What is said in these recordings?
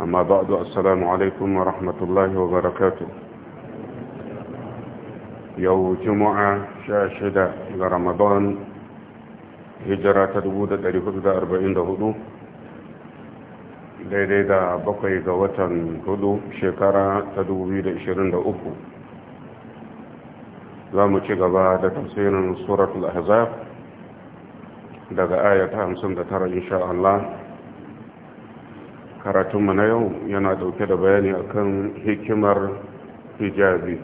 أما بعد السلام عليكم ورحمة الله وبركاته يوم جمعة شاشدة إلى رمضان هجرة تدبودة لهدود أربعين دهدو daidai da bakwai ga watan hudu shekara ta 2023 za mu ci gaba da tafsirin suratul ahzab daga ayata 59 insha Allah karatunmu na yau yana dauke da bayani akan hikimar hijabi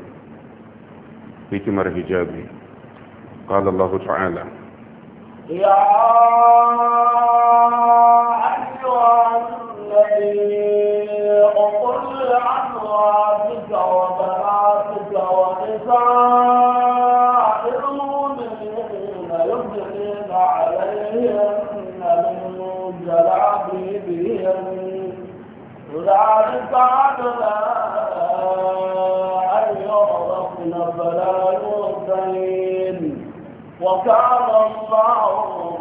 hikimar hijabi قال الله تعالى يا أيها الذين فأعرض عنها أن يعرفن فلا يؤذين وكان الله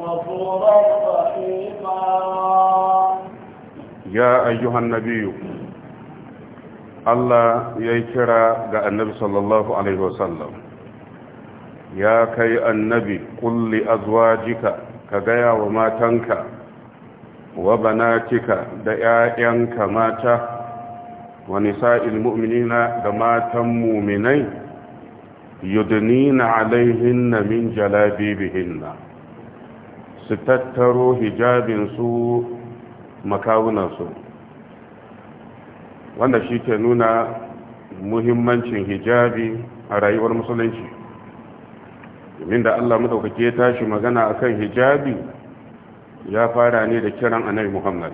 غفورا رحيما يا أيها النبي Allah ya kira ga annabi sallallahu Alaihi ya kai annabi kulli jika, ka gaya wa matanka wa banatika da ‘ya'yanka mata wa nisa'il mu'minina da matan muminai yudnina alaihinna min jalabibihinna su tattaro hijabinsu makawunansu wanda shi ke nuna muhimmancin hijabi a rayuwar musulunci domin da allah ya tashi magana akan hijabi ya fara ne da kiran annabi muhammad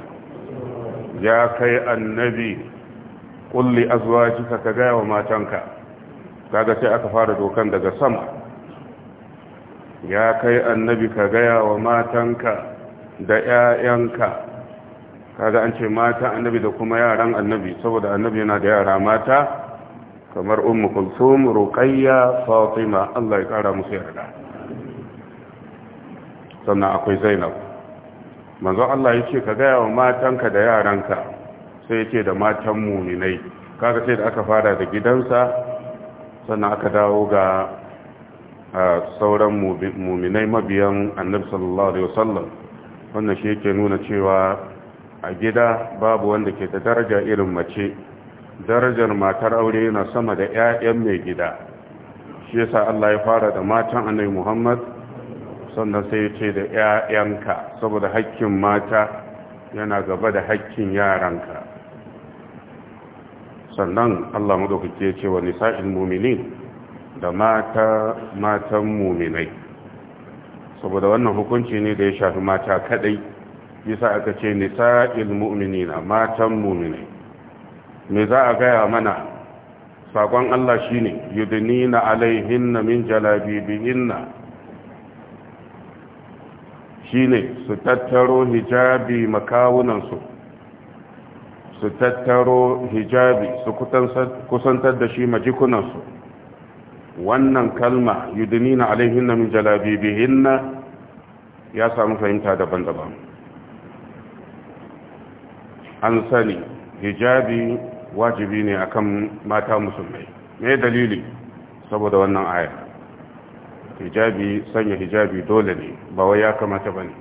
ya kai annabi kulli azwajika ka gaya wa matanka kaga sai aka fara dokan daga sama ya kai annabi ka gaya wa matanka da 'ya'yanka kaga an ce mata annabi da kuma yaran annabi saboda annabi yana da yara mata kamar ummu kulsum ruqayya fatima Allah ya kara musu yarda sannan akwai zainab Manzo Allah ya ce ka gaya wa matanka da yaranka sai ya ce da matan muminai kaga sai da aka fara da gidansa sannan aka dawo ga sauran muminai mabiyan annabi sallallahu alaihi wasallam wannan shi yake nuna cewa a gida babu wanda ke da daraja irin mace darajar matar aure yana sama da 'ya'yan mai gida shi yasa Allah ya fara da matan annabi Muhammad sannan sai ya ce da 'ya'yanka saboda haƙƙin mata yana gaba da haƙƙin yaranka sannan Allah madaukake ya ce wa nisa’in mu'minin da mata matan mu'minai saboda wannan hukunci ne da ya shafi mata kaɗai sa aka ce nisa'il a matan mu'minai me za a gaya mana sakon Allah shi ne, shine alaihin alaihinna min inna shine su tattaro hijabi makawunansu su tattaro hijabi su kusantar da shi majikunansu wannan kalma yudinina alaihinna min jalabibihinna ya samu fahimta daban-daban an sani hijabi wajibi ne akan mata musulmai me dalili saboda wannan ayar. hijabi sanya hijabi dole ne ba wai ya kamata ba ne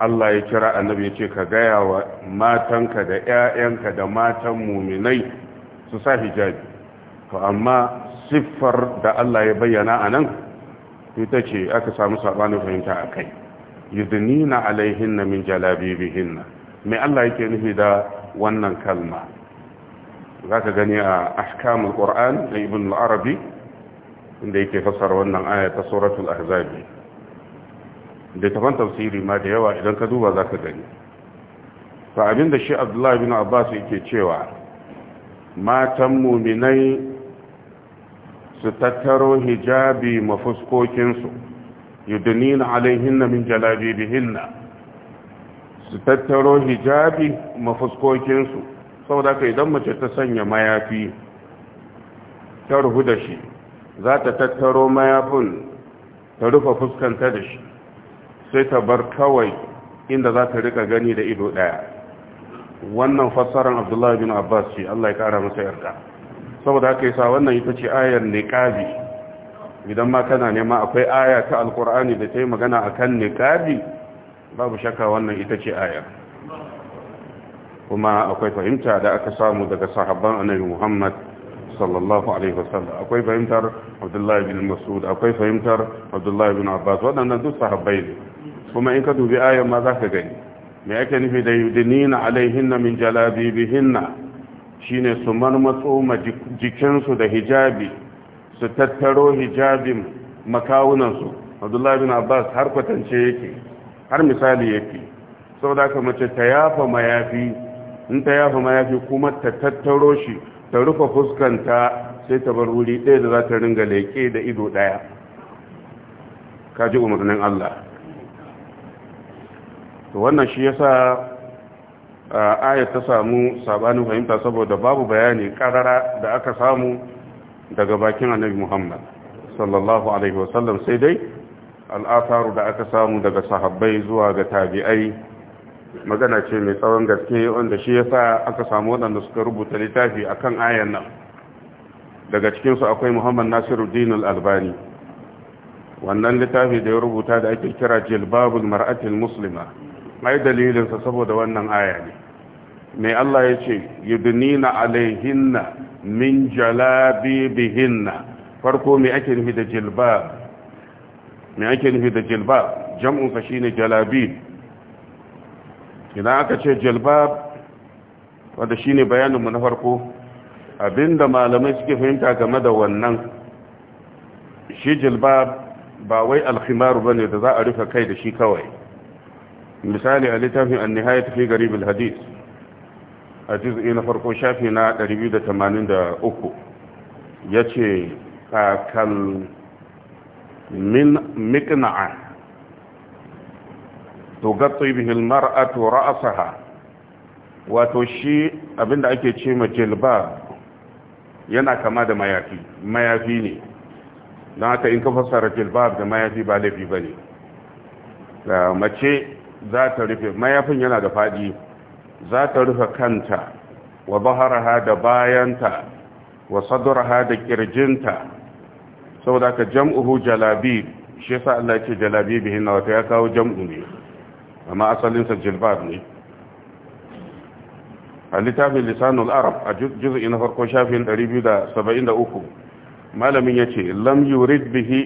Allah ya kira annabi ya ce ka gaya wa matanka da 'ya'yanka da matan muminai su sa hijabi to amma siffar da Allah ya bayyana a nan ita ce aka samu saɓanin fahimta a kai yudnina alaihinna min jalabibihinna mai Allah yake nufi da wannan kalma za ka gani a ahkamul qur'an da ibn al-arabi inda yake fassara wannan aya ta suratul ahzab da ban tafsiri ma da yawa idan ka duba zaka gani fa abinda shi Abdullahi bin Abbas yake cewa matan mu'minai su tattaro hijabi mafuskokin su yudnina alaihinna min jalabibihinna su tattaro hijabi mafuskokin su saboda kai idan mace ta sanya mayafi ta ruhu da shi za ta tattaro mayafin ta rufe fuskanta da shi sai ta bar kawai inda za ta rika gani da ido daya wannan fassarar abdullahi bin abbas ce allah ya kara masa yarda saboda haka yasa wannan ita ce ayar niqabi idan ma kana nema akwai aya ta alkur'ani da ta magana akan niqabi babu shakka wannan ita ce ayar kuma akwai fahimta da aka samu daga sahabban annabi muhammad sallallahu alaihi wasallam akwai fahimtar abdullahi bin mas'ud akwai fahimtar abdullahi bin abbas waɗannan duk sahabbai ne kuma in ka dubi ayan ma zaka gani me ake nufi da yudinina alaihinna min jalabibihinna shine su marmatso ma jikinsu da hijabi su tattaro hijabin makawunansu abdullahi bin abbas har kwatance yake har misali yake saboda haka mace ta yafa mayafi in ta yafa mayafi kuma ta tattaro shi ta rufe fuskanta sai ta bar wuri ɗaya da za ta ringa leƙe da ido ɗaya ka ji umarnin Allah to wannan shi yasa ayat ta samu sabanin fahimta saboda babu bayani ƙarara da aka samu daga bakin annabi Muhammad sallallahu alaihi wasallam sai dai al'asaru da aka samu daga sahabbai zuwa ga tabi'ai magana ce mai tsawon gaske wanda shi ya sa aka samu waɗanda suka rubuta littafi a kan ayan nan daga cikinsu akwai muhammad Nasiru, dinul albani wannan littafi da ya rubuta da ake kira jilbabul mar'atil muslima mai dalilinsa saboda wannan aya ne mai Allah ya ce yudnina alaihinna min jalabibihinna farko mai ake nufi da jilbab mai ake nufi da jilbab jam'unsa shine jalabib idan aka ce jilbab wanda ne bayaninmu na farko abinda malamai suke fahimta game da wannan shi jalbab ba wai alkhimaru ne da za a rufe kai da shi kawai misali a littafin an nihaya tafi gari bilhadis a juz'i na farko shafi na 283 yace ce kakal min mikna'a tugatsi bihil mar'atu ra'saha wato shi abinda ake ce ma jilba yana kama da mayafi mayafi ne don haka in ka fasara jilbab da mayafi ba laifi ba ne mace za ta rufe mayafin yana da faɗi za ta rufe kanta wa baharaha da bayanta wa saduraha da kirjinta saboda ka jam'uhu jalabi shi sa Allah ce jalabi bihin na wata ya kawo jam'u ne amma asalinsa jilbab ne a littafin lisanul arab a juz'i na farko shafin 273 malamin ya ce lam yurid bihi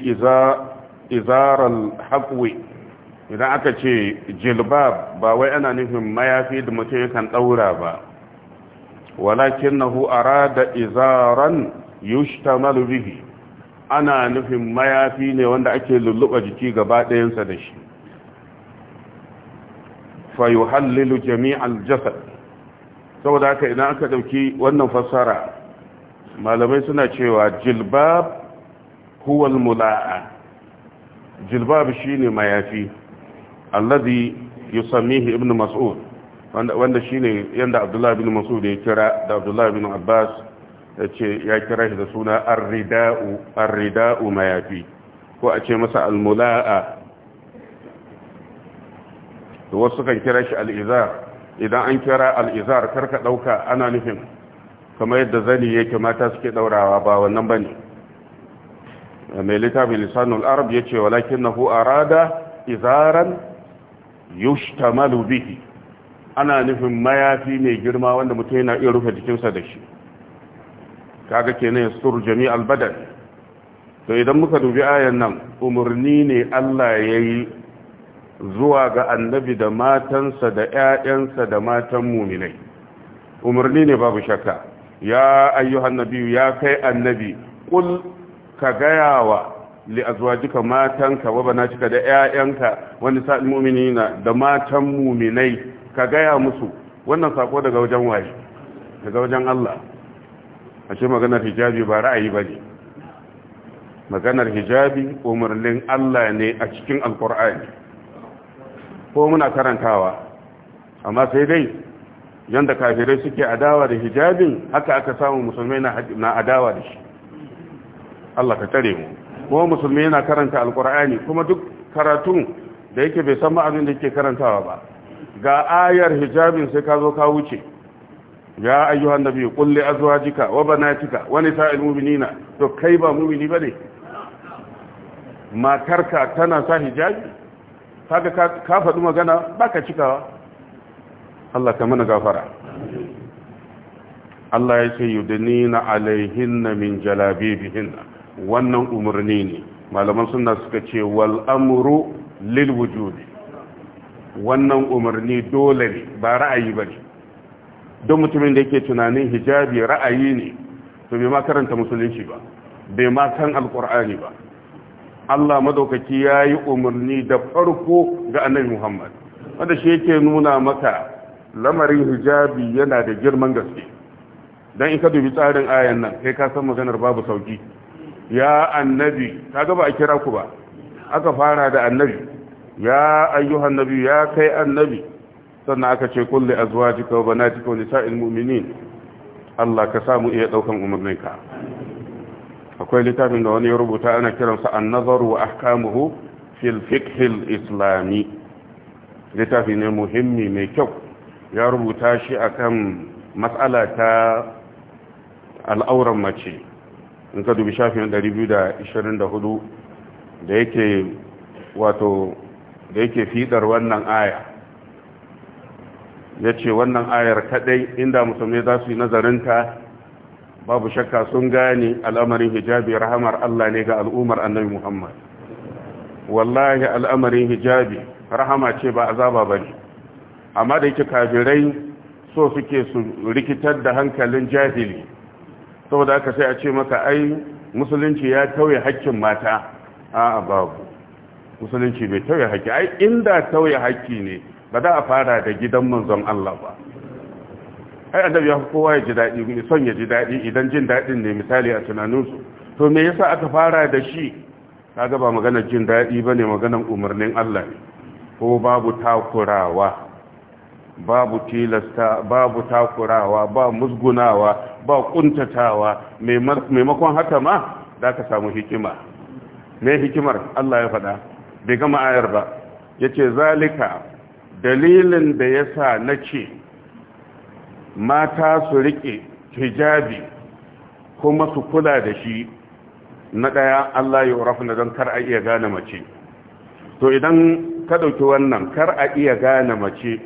izarar haƙwe idan aka ce jilbab ba wai ana nufin mayafi da mutum yakan ɗaura ba walakin na hu'ara da izaran yushta bihi ana nufin mayafi ne wanda ake lulluɓa jiki gaba ɗayansa da shi fa yuhallilu jami'al jasad saboda haka idan aka dauki wannan fassara malamai suna cewa jilbab huwa mulaa jilbab shine mayafi alladhi yusammihi ibn mas'ud wanda shine yanda abdullahi bin mas'ud ya kira da abdullahi bin abbas yace ya kira shi da suna ar-rida'u ar-rida'u mayafi ko a ce masa al-mula'a da wasu kan kira shi al'izar idan an kira al'izar karka ɗauka ana nufin kamar yadda zani yake mata suke ɗaurawa ba wannan ba ne mai littafin lisanul arab ya ce walakin na arada izaran yushtamalu bihi ana nufin mayafi mai girma wanda mutum yana iya rufe jikinsa da shi kaga kenan ya sur jami'al badan to idan muka dubi ayan nan umarni ne Allah ya yi zuwa ga annabi da matansa da ‘ya’yansa da matan muminai umarni ne babu shakka ya ayyuhan nabi ya kai annabi kul ka gayawa li azwajika matanka wa cika da ‘ya’yanka wani mumini mu'minina da matan muminai ka gaya musu wannan sako daga wajen waye daga wajen Allah ashe maganar hijabi ba ra'ayi bane maganar hijabi umarnin Allah ne a cikin Alƙur'ani. ko muna karantawa amma sai dai yanda kafirai suke adawa da hijabin haka aka samu musulmai na adawa da shi Allah ka tare mu kuma musulmi yana karanta alkur'ani kuma duk karatun da yake bai san ma'anin da yake karantawa ba ga ayar hijabin sai ka zo ka wuce ya ayyuhan nabi qul li azwajika wa banatika wa nisa'il mu'minina to kai ba mu'mini bane matarka tana sa hijabi kaga ka faɗi magana baka cikawa Allah ka mana gafara Allah ya ce alaihin na min jalabibihinna wannan umarni ne malaman suna suka ce wal amru lil wujudi wannan umarni dole ne ba ra'ayi ba ne. don mutumin da yake tunanin hijabi ra'ayi ne to bai ma karanta musulunci ba bai ma kan alkur'ani ba Allah madaukaki ya yi umarni da farko ga annabi Muhammad wanda shi yake nuna maka lamarin hijabi yana da girman gaske dan in ka dubi tsarin ayan nan kai ka san maganar babu sauki ya annabi kaga ba a kira ku ba aka fara da annabi ya ayyuhan nabi ya kai annabi sannan aka ce kulli azwajika wa banatika wa nisa'il mu'minin Allah ka samu iya daukan umarninka akwai littafin da wani ya rubuta ana kiransa an-nazaru wa ahkamuhu fil fiqh islami littafi ne muhimmi mai kyau ya rubuta shi akan matsala ta al'auran mace in ka dubi shafin 224 da yake wato da yake fidar wannan aya ya ce wannan ayar kadai inda musulmai za su yi nazarinta babu shakka sun gane al'amarin hijabi rahamar Allah ne ga al'ummar annabi Muhammad wallahi al'amarin hijabi rahama ce ba azaba bane amma da yake kafirai so suke su rikitar da hankalin jahili saboda aka sai a ce maka ai musulunci ya tauye haƙƙin mata a'a babu musulunci bai tauye haƙƙi. ai inda tauye haƙƙi ne ba za a fara da gidan manzon Allah ba ai annabi ya fi kowa ya ji daɗi ne son ya ji daɗi idan jin daɗin ne misali a tunaninsu to me yasa aka fara da shi kaga ba maganar jin daɗi ba ne maganar umarnin Allah ne ko babu takurawa babu tilasta babu takurawa ba musgunawa ba kuntatawa maimakon haka ma da ka samu hikima mai hikimar Allah ya faɗa bai gama ayar ba ya ce zalika dalilin da ya sa na ce mata su rike hijabi kuma su kula da shi na ɗaya Allah ya warafu na don kar a iya gane mace to idan ka ɗauki wannan kar a iya gane mace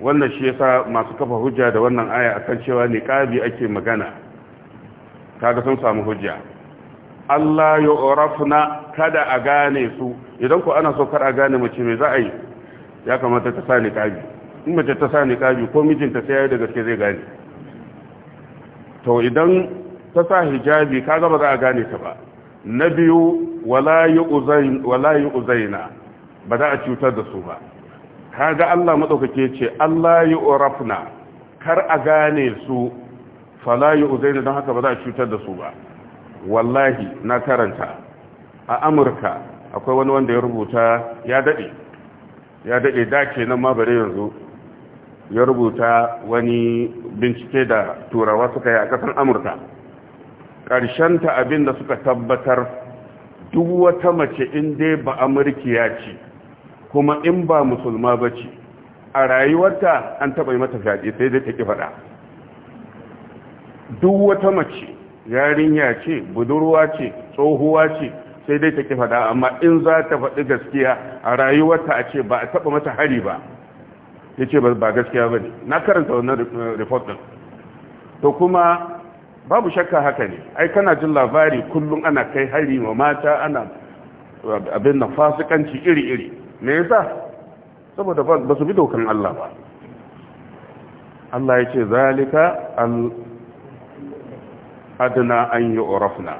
wannan shi yasa masu kafa hujja da wannan aya akan cewa niqabi ake magana kaga sun samu hujja Allah ya kada a gane su idan ku ana so kar a gane mace mai za a yi ya kamata ta sa niqabi in mace ta sa niƙabi ko mijinta sai yayi da gaske zai gane to idan ta sa hijabi kaga ba za a gane ta ba na biyu wala yu'zain wala ba za a cutar da su ba kaga Allah madaukake ce Allah urafna kar a gane su fala yu'zaina don haka ba za a cutar da su ba wallahi na karanta a Amurka akwai wani wanda ya rubuta ya dade ya dade da kenan ma bare yanzu ya rubuta wani bincike da turawa suka yi a ƙasar amurka Ƙarshen ta abin da suka tabbatar duk wata mace in dai amurki ya ce kuma in ba musulma ba ce a rayuwarta an taɓa yi mata fyaɗe sai dai ta faɗa duk wata mace yarinya ce budurwa ce tsohuwa ce sai dai ta ƙi faɗa amma in za ta faɗi gaskiya a rayuwarta a ce ba a taɓa mata hari ba ya ce ba gaskiya ba ne na karanta wannan report to kuma babu shakka haka ne ai kana jin labari kullum ana kai hari wa mata ana abin na fasikanci iri-iri me yasa saboda ba su bi dokan Allah ba Allah ya ce zalika al adna an yu'rafna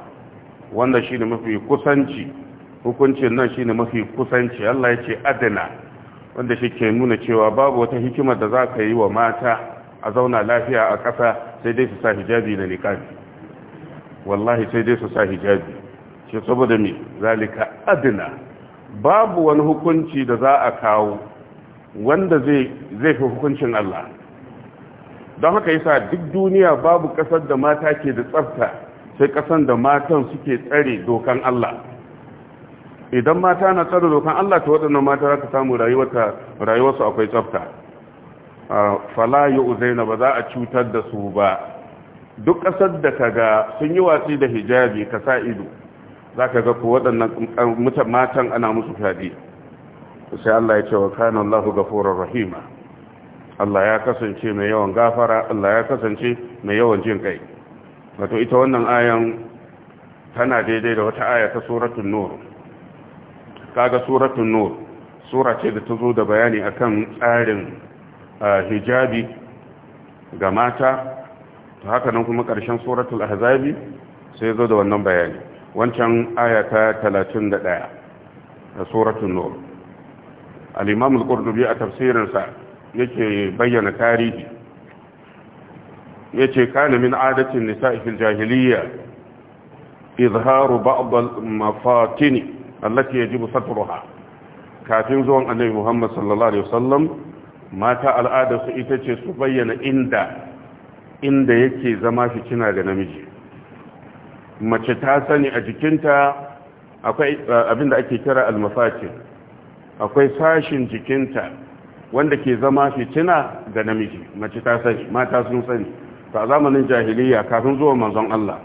wanda shine mafi kusanci hukuncin nan shine mafi kusanci Allah ya ce adna wanda shi ke nuna cewa babu wata hikimar da za ka yi wa mata a zauna lafiya a ƙasa sai dai su sa hijabi da niƙafi wallahi sai dai su sa hijabi ce saboda me zalika adina babu wani hukunci da za a kawo wanda zai fi hukuncin Allah don haka sa duk duniya babu ƙasar da mata ke da tsafta sai ƙasar da matan suke tsare dokan Allah idan mata na tsada dokan Allah ta waɗannan mata za ka samu rayuwarsu akwai tsafta fala yi uzaina ba za a cutar da su ba duk ƙasar da ka ga sun yi watsi da hijabi ka sa ido za ka ga ku waɗannan matan ana musu fyaɗe sai Allah ya ce wa kanan Allah furar rahima Allah ya kasance mai yawan gafara Allah ya kasance mai yawan jin kai wato ita wannan ayan tana daidai da wata aya ta suratul nur kaga suratun nur sura ce da ta zo da bayani a kan tsarin hijabi ga mata ta haka nan kuma ƙarshen suratul ahzabi sai zo da wannan bayani wancan ayata 31 da suratul nur al-imam al-qurtubi a tafsirinsa yake bayyana tarihi yace kana min adatin nisa'i fil jahiliyya izharu ba'd al-mafatini allati yajibu satruha kafin zuwan annabi Muhammad sallallahu alaihi wasallam mata al'ada su ita ce su bayyana inda inda yake zama fitina ga namiji mace ta sani a jikinta akwai abinda ake kira almafatin akwai sashin jikinta wanda ke zama fitina ga namiji mace ta sani mata sun sani ta zamanin jahiliya kafin zuwa manzon Allah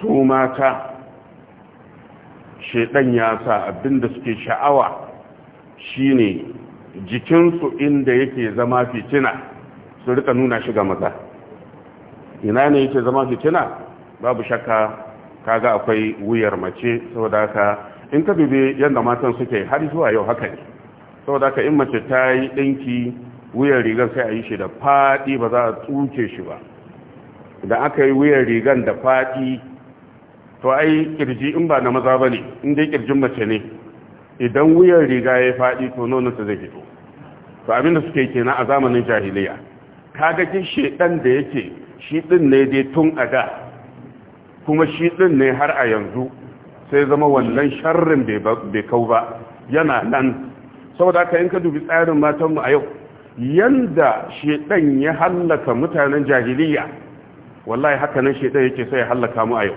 su mata shaidan ya sa abin da suke sha'awa shine jikinsu inda yake zama fitina su rika nuna shiga maza ina ne yake zama fitina babu shakka kaga akwai wuyar mace saboda haka in ka bibe yadda matan suke har zuwa yau haka ne saboda haka in mace ta yi ɗinki wuyar rigar sai a yi shi da faɗi ba za a tsuke shi ba da aka yi wuyar rigar da faɗi to ai kirji in ba na maza ba ne in dai kirjin mace ne idan wuyan riga ya faɗi to ta zai fito to abin da suke kenan a zamanin jahiliya kaga kin shedan da yake shi din ne dai tun a da kuma shi din ne har a yanzu sai zama wannan sharrin bai kau ba yana nan saboda haka in ka dubi tsarin matan mu a yau yanda shedan ya hallaka mutanen jahiliya wallahi haka nan shedan yake sai ya hallaka mu a yau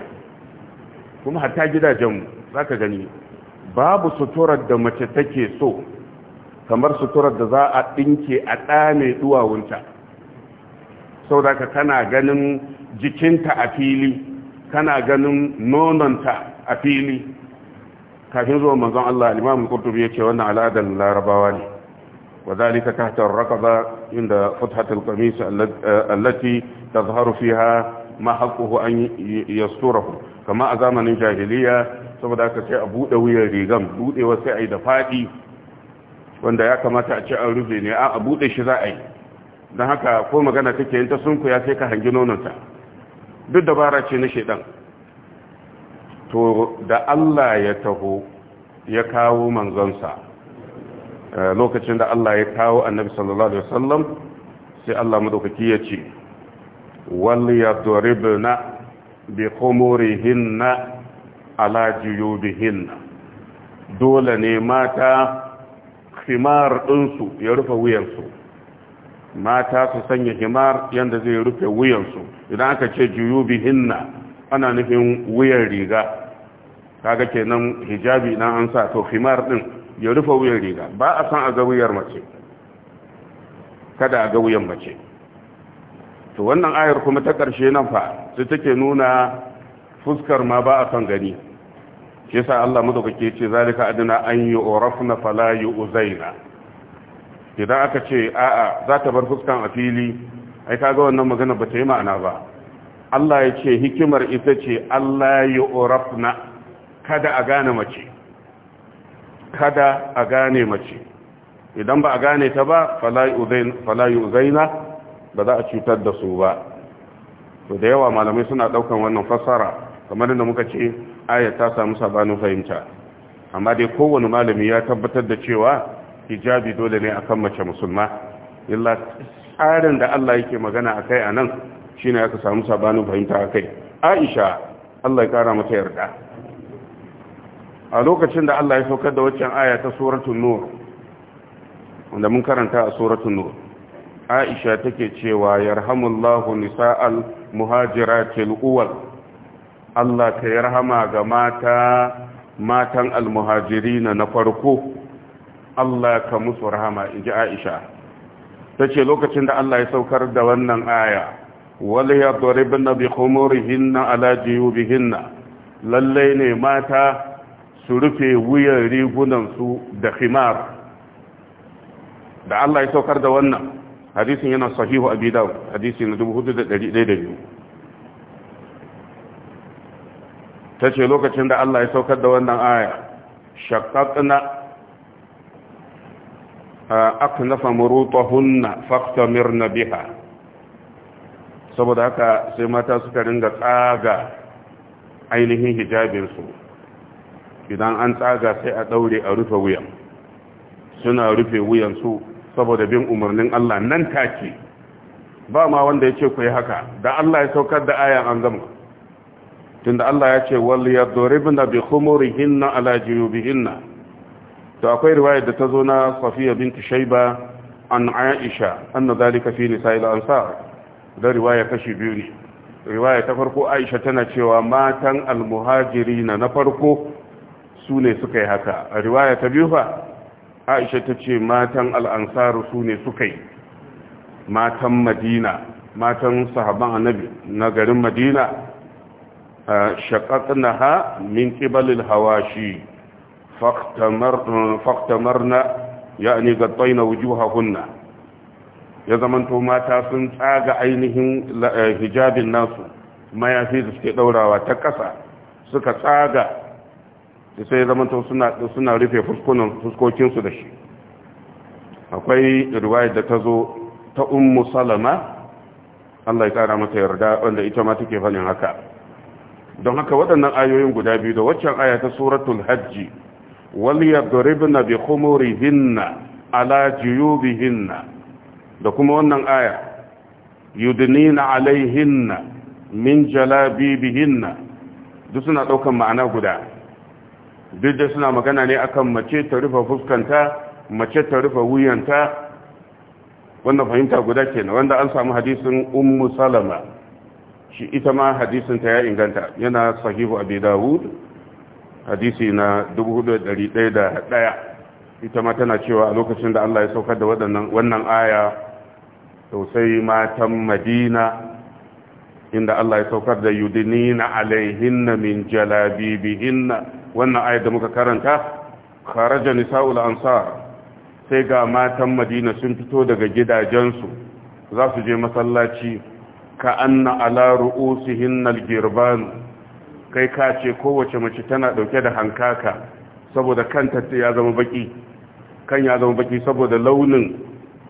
kuma hata gidajenmu za ka gani babu suturar da mace take so kamar suturar da za a ɗinke a ɗame duwawunta sau da ka kana ganin jikinta a fili kana ganin nononta a fili kafin zuwa manzon Allah limamin kurtubi ya ce wannan al'adar larabawa ne wa zalika tahta ar-raqaba inda futhatul qamis allati tazharu fiha ma haqquhu an yasturahu kama a zamanin jahiliya saboda aka sai a buɗe wuyan rigan buɗewa sai a yi da faɗi wanda ya kamata a ce an rufe ne a buɗe shi za a yi don haka ko magana take yin ta ku ya sai ka hangi nononta duk dabara ce na shaidan to da Allah ya taho ya kawo manzonsa eh, lokacin da Allah ya kawo annabi sallallahu alaihi wasallam sai Allah madaukaki ya ce wal yadribna bi kumurihinna ala juyubihinna dole ne mata himar ɗinsu ya rufe wuyansu mata su sanya himar yadda zai rufe wuyansu idan aka ce juyubihinna ana nufin wuyan riga kaga kenan hijabi na an sa to himar ɗin ya rufe wuyan riga ba a san a ga wuyar mace kada a ga wuyan mace to wannan ayar kuma ta ƙarshe nan fa sai take nuna fuskar ma ba a kan gani shi yasa Allah madaukake ce zalika adana an urafna fala Uzaina. idan aka ce a'a za ta bar fuskan a fili ai kaga wannan magana ba ta yi ma'ana ba Allah ya ce hikimar ita ce Allah urafna kada a gane mace kada a gane mace idan ba a gane ta ba fala Uzaina, ba za a cutar da su ba to da yawa malamai suna daukan wannan fassara kamar da muka ce ayat ta samu sabanin fahimta amma dai kowane malami ya tabbatar da cewa hijabi dole ne akan mace musulma illa tsarin da Allah yake magana akai anan shine aka samu sabanin fahimta akai Aisha Allah ya kara mata yarda a lokacin da Allah ya saukar da waccan aya ta suratul nur wanda mun karanta a suratul nur Aisha take cewa yarhamullahu nisa'al muhajiratil uwal Allah ta rahama ga mata matan almuhajirina na farko Allah ka musu rahama inji Aisha tace lokacin da Allah ya saukar da wannan aya wal yadribna bi khumurihinna ala jiyubihinna lalle ne mata su rufe wuyan rigunansu da khimar da Allah ya saukar da wannan hadisin yana sahihu a dawud hadisi na ta ce lokacin da Allah ya saukar da wannan aya aka shaqqaqna aknafa fakta mirna biha saboda haka sai mata suka ringa tsaga ainihin hijabinsu idan an tsaga sai a ɗaure a rufe wuyan suna rufe wuyansu saboda bin umarnin Allah nan take ba ma wanda ya ce ku yi haka da Allah ya saukar da ayan an tunda Allah ya ce wal yadribna bi khumurihinna ala juyubihinna to akwai riwayar da ta zo na Safiya binti shaiba an Aisha anna zalika fi nisa'il ansar da riwaya kashi biyu ne riwaya ta farko Aisha tana cewa matan almuhajirina na farko su ne suka yi haka riwaya ta biyu fa aisha ta ce matan al'ansaru su ne suka yi matan madina matan sahaban annabi na garin madina shaƙaƙna ha min ƙibalil hawashi faktamarna ya ne gattai na wujuha hunna ya zamanto mata sun tsaga ainihin eh, hijabin nasu mayafi da suke ɗaurawa ta ƙasa suka tsaga sai zamanto suna suna rufe fuskunan fuskokin da shi akwai ruwaya da ta zo ta ummu salama Allah ya kara mata yarda wanda ita ma take fanin haka don haka waɗannan ayoyin guda biyu da waccan aya ta suratul hajji wal yadribna bi hinna ala hinna da kuma wannan aya yudnina alaihinna min bihinna duk suna daukan ma'ana guda duk da suna magana ne akan mace ta rufe fuskanta mace ta rufe wuyanta wannan fahimta guda kenan wanda an samu hadisin ummu salama shi ita ma hadisin ta ya inganta yana sahihu abi dawud hadisi na 4101 ita ma tana cewa a lokacin da Allah ya saukar da wannan aya to sai matan madina inda Allah ya saukar da yudinina alaihin min jalabibihinna wannan ayat da muka karanta kharaja nisa'ul ansar sai ga matan Madina sun fito daga gidajensu za su je masallaci ka anna ala ru'usihin algirban kai ka ce kowace mace tana dauke da hankaka saboda kanta ya zama baki kan ya zama baki saboda launin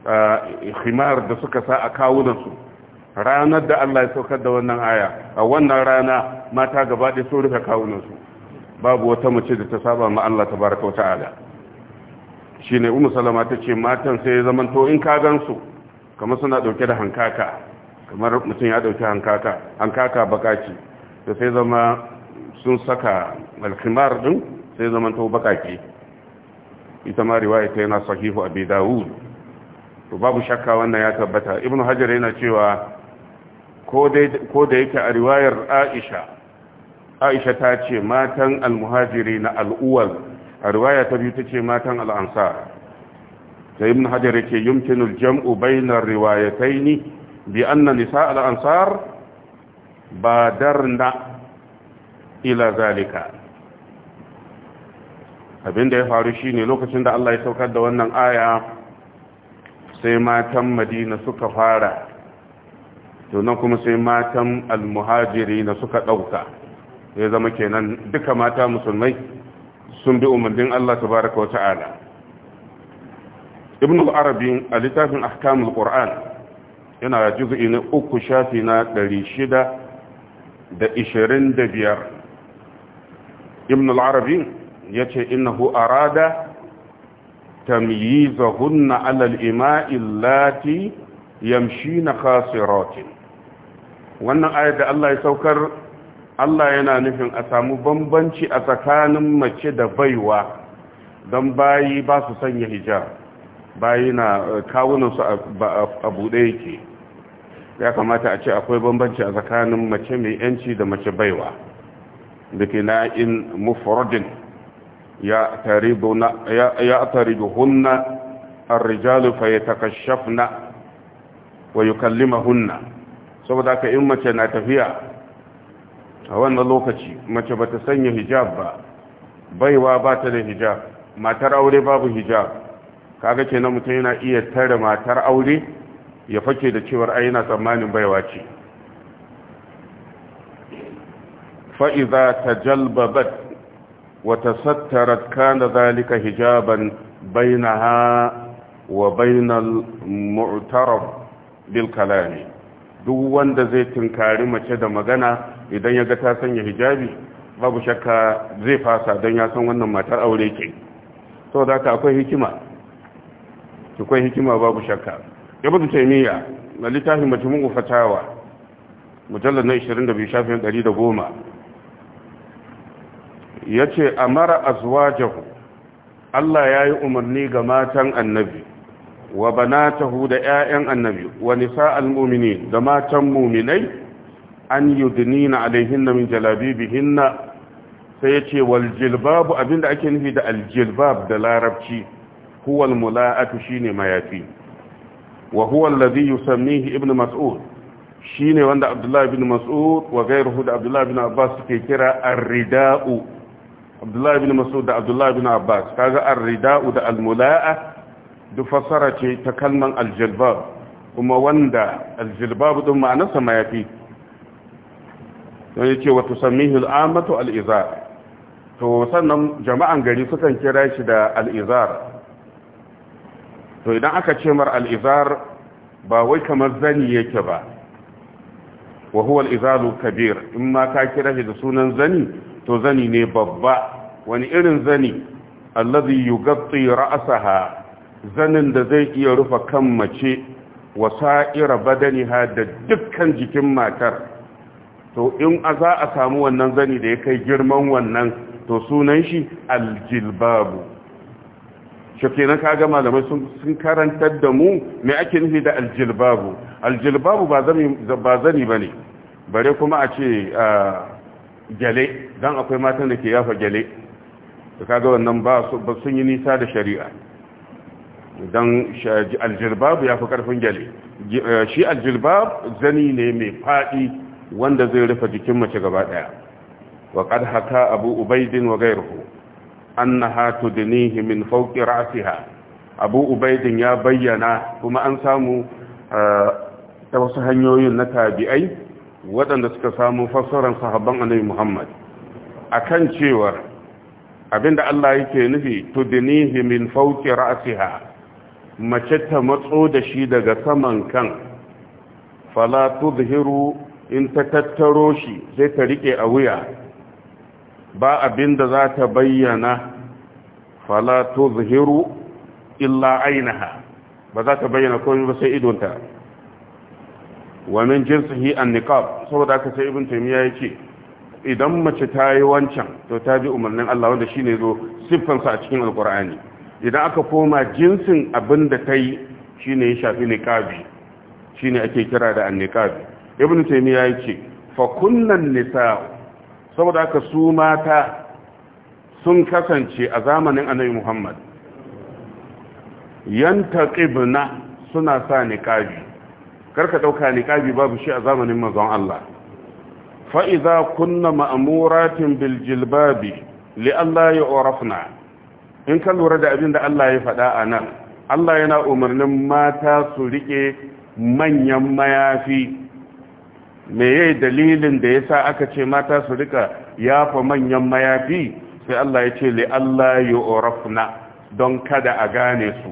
eh, khimar da suka sa a kawunansu ranar da Allah ya saukar da wannan aya a wannan rana mata gaba ɗaya sun rufe kawunansu babu wata mace da ta saba ma Allah ta tabaraka wa ta'ala shine umu salama ta ce matan sai ya zama to in ka gansu kamar suna dauke da hankaka kamar mutum ya ɗauke hankaka hankaka bakaki da sai zama sun saka alkhimar din sai zama to bakaki ita ma riwaya ta yana sahihu abi dawud to babu shakka wannan ya tabbata ibnu hajar yana cewa ko da yake a riwayar aisha aisha ta ce matan almuhajiri na al'uwal a riwaya ta biyu ta ce matan al'ansar ta yi hajar yake yumkinul jam'u bainar riwayatai ni bi anna nisa al'ansar ba darna ila zalika abinda ya faru shine lokacin da Allah ya saukar da wannan aya sai matan madina suka fara to kuma sai matan almuhajiri na suka ɗauka ya zama kenan duka mata musulmai sun bi umarnin Allah tabaraka wa ta'ala ibn al-arabi a littafin ahkamul qur'an yana juz'i na uku shafi na 625 ibn al-arabi yace innahu arada tamyizahunna ala al-ima'i allati yamshina khasiratin wannan ayar da Allah ya saukar Allah yana nufin a samu bambanci a tsakanin mace da baiwa don bayi ba su sanya hijab bayi na eh, kawunansu a buɗe yake ya kamata a ce akwai bambanci a tsakanin mace mai yanci da mace baiwa da ke na'in mufrodin ya taribu hunna yi فيتكشفن mahunna. saboda ka in mace na tafiya a wannan lokaci mace ba ta sanya hijab ba baiwa ba ta da hijab matar aure babu hijab kaga kenan mutum yana iya tare matar aure ya fake da cewar ai yana tsammanin baiwa ce fa idza tajalbabat wata tasattarat kana zalika hijaban bainaha wa bainal mu'taraf bil kalami duk wanda zai tunkari mace da magana idan ya ga ta sanya hijabi babu shakka zai fasa don ya san wannan matar aure ke sau da ka akwai hikima akwai hikima babu shakka ya budu taimiyya na littafin mutumin fatawa mujallar na 22 shafin 110 ya ce a mara azuwa Allah ya yi umarni ga matan annabi wa banatahu da ƴaƴan annabi wa nisa'al mu'minin da matan mu'minai an yudnina alaihinna min jalabibihinna sai yace wal jilbab abinda ake nufi da al jilbab da larabci huwa al mula'atu shine mayafi wa huwa alladhi yusammihi ibn mas'ud shine wanda abdullahi ibn mas'ud wa ghayruhu da abdullahi ibn abbas ke kira ar-rida'u abdullahi ibn mas'ud da abdullahi ibn abbas kaga ar da al mula'a duk fassara ce ta kalman aljilbab kuma wanda aljilbab din ma'anarsa mayafi don ya ce wata samihi al'amatu al'izar to sannan jama'an gari sukan kira shi da al'izar to idan aka ce mar al'izar ba wai kamar zani yake ba wa huwa kabir in ma ka kira shi da sunan zani to zani ne babba wani irin zani allazi yugatti ra'asaha zanin da zai iya rufa kan mace wa sa'ira badaniha da dukkan jikin matar to in za a samu wannan zani da ya kai girman wannan to sunan shi aljilbabu shekenan kaga malamai sun karantar da mu mai ake nufi da aljilbabu aljilbabu ba zani ba ne bare kuma a ce gyale don akwai matan da ke yafa gyale da kaga wannan ba sun yi nisa da shari'a don aljilbab ya fi karfin gyale eh, shi aljilbab zani ne mai faɗi wanda zai rufe jikin mace gaba ɗaya wa qad haka abu ubaidin wa ghayruhu annaha tudnihi min fawqi ra'siha abu ubaidin ya bayyana kuma an samu eh, ta wasu hanyoyin na tabi'ai waɗanda suka samu fassaran sahabban annabi Muhammad akan cewar abinda Allah yake nufi tudnihi min fawqi ra'siha mace ta matso da shi daga saman kan fala tuzhiru in ta tattaro shi zai ta rike a wuya ba abin da za ta bayyana fala tuzhiru illa ainiha ba za ta bayyana komai ba sai idonta wa min jinsihi an-niqab saboda aka sai ibn taymiya ce idan mace ta yi wancan to ta bi umarnin Allah wanda shine zo siffansa a cikin alqur'ani idan aka koma jinsin abin da ta yi shi ne ya shafi niƙabi shi ne ake kira da an niƙabi ibn taimi ya yi ce fakunnan nisa saboda aka su mata sun kasance a zamanin annabi muhammad yanta ƙibna suna sa niƙabi karka ɗauka niƙabi babu shi a zamanin mazan allah fa'iza kunna ma'amuratin biljilbabi li'allah ya orafna in ka lura da abin da Allah ya faɗa a nan Allah yana umarnin mata su rike manyan mayafi me yayi dalilin da ya sa aka ce mata su rika fa manyan mayafi sai Allah ya ce li Allah orafuna don kada a gane su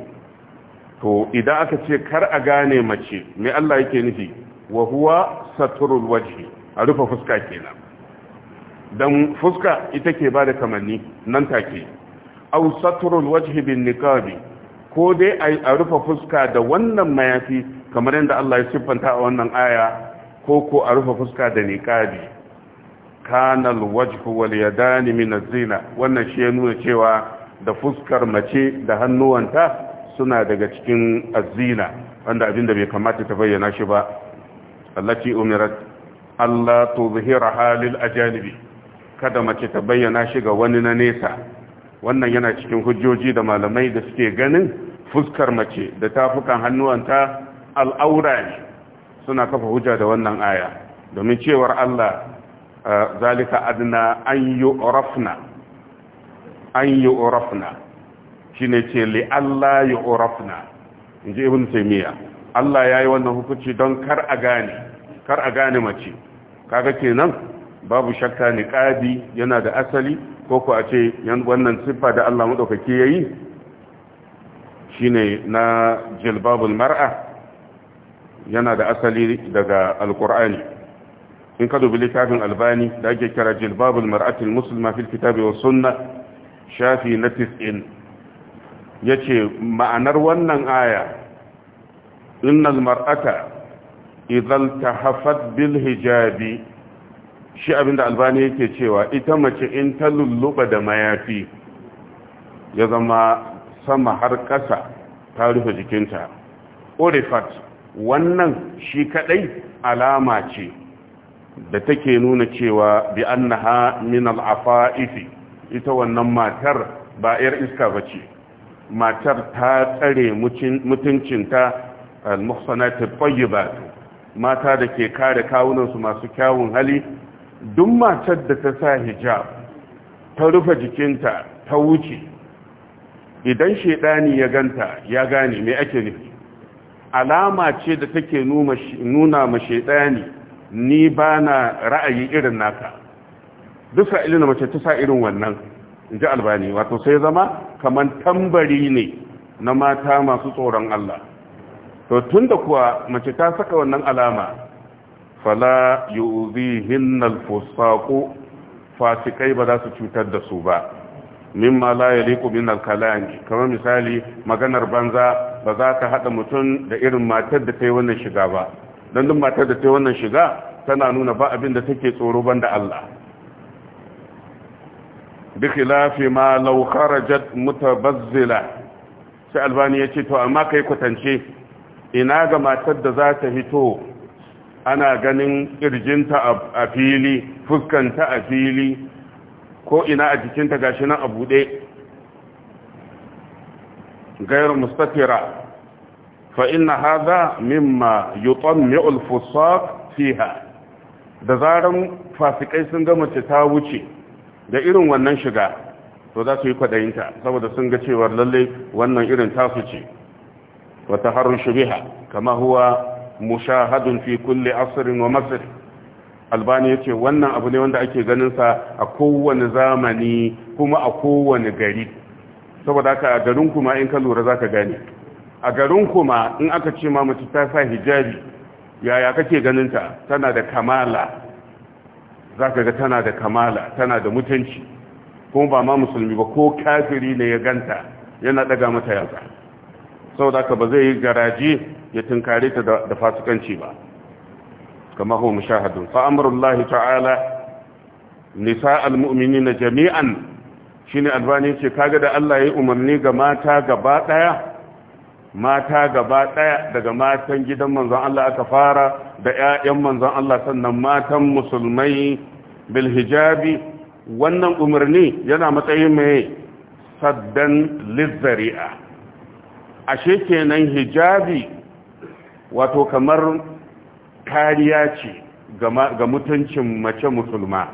to idan aka ce kar a gane mace mai Allah yake nufi wa huwa saturul wajhi a rufe fuska kenan Don fuska ita ke bada kamanni nan take aw satrul wajhi bin niqabi ko dai a rufe fuska da wannan mayafi kamar yadda Allah ya siffanta a wannan aya ko ko a rufe fuska da niqabi kana wajhu wal yadani min az-zina wannan shi ya nuna cewa da fuskar mace da hannuwanta suna daga cikin az-zina wanda abinda bai kamata ta bayyana shi ba allati umirat Allah tuzhiraha halil ajanibi kada mace ta bayyana shi ga wani na nesa wannan yana cikin hujjoji da malamai da suke ganin fuskar mace da tafukan hannuwanta al'aura ne suna kafa hujja da wannan aya domin cewar Allah eh, zalika adna an yu'rafna an yu'rafna shine ce li Allah yu'rafna inji ibn taymiya Allah yayi wannan hukunci don kar a gane kar a gane mace kaga kenan babu shakka niƙadi yana da asali ko ko a ce wannan siffa da Allah yi. yayi ne na jilbabul mar'a yana da asali daga alqur'ani in ka dubi littafin albani da ake kira jilbabul mar'atin muslima fil kitabi was shafi na Ya yace ma'anar wannan aya innal mar'ata ta tahaffat bil hijabi shi abinda albani yake cewa ita mace in ta lulluba da mayafi ya zama sama har ƙasa ta rufe jikinta orifat wannan shi kaɗai alama ce da take nuna cewa bi annaha min al'afa'ifi ita wannan matar ba yar iska ba ce. matar ta tsare mutuncinta al-muhsanatu tayyibat mata da ke kare kawunansu masu kyawun hali duk matar da ta sa hijab ta rufe jikinta ta wuce idan shaidani ya ganta ya gane me ake nufi alama ce da take nuna ma shaidani ni ba na ra'ayi irin naka duk sa'ilin mace ta sa irin wannan in ji albani wato sai zama kamar tambari ne na mata masu tsoron Allah to tun da kuwa mace ta saka wannan alama fala يؤذيهن الفساق fusaqu بدا ba su cutar da su ba mimma la yaliqu min al-kalam kamar misali maganar banza ba za ka hada mutum da irin matar da tayi wannan shiga ba dan duk matar da tayi wannan shiga tana nuna ba abin da take tsoro banda Allah bi khilafi ma law kharajat mutabazzila sai albani yace to amma kai kwatance ina ga matar da za ta fito ana ganin ƙirjinta a fili fuskanta a fili ko ina a jikinta gashi nan a buɗe gairu mustafira ina haza mimma yuton fusaq fiha da zarar fasikai sun ga mace ta wuce da irin wannan shiga to za su yi kwaɗayinta saboda sun ga cewar lalle wannan irin tasu ce wata harun shubiha kama huwa mushahadun fi kulle asirin wa masr albani yace wannan abu ne wanda ake ganin sa a kowane zamani kuma a kowane gari saboda haka a garin kuma in ka lura zaka gane a garin kuma in aka ce ma mace ta sa hijabi yaya kake ganin ta tana da kamala zaka ga tana da kamala tana da mutunci kuma ba ma musulmi ba ko kafiri ne ya ganta yana daga mata yatsa saboda ka ba zai yi garaji ya tunkare ta da fasikanci ba kama hu mushahadun fa amrullahi ta'ala nisa na jami'an shine albani ce kaga da Allah yayi umarni ga mata gaba daya mata gaba daya daga matan gidan manzon Allah aka fara da ƴaƴan manzon Allah sannan matan musulmai bil hijabi wannan umarni yana matsayin mai saddan lizzari'a ashe kenan hijabi wato kamar kariya ce ga mutuncin mace musulma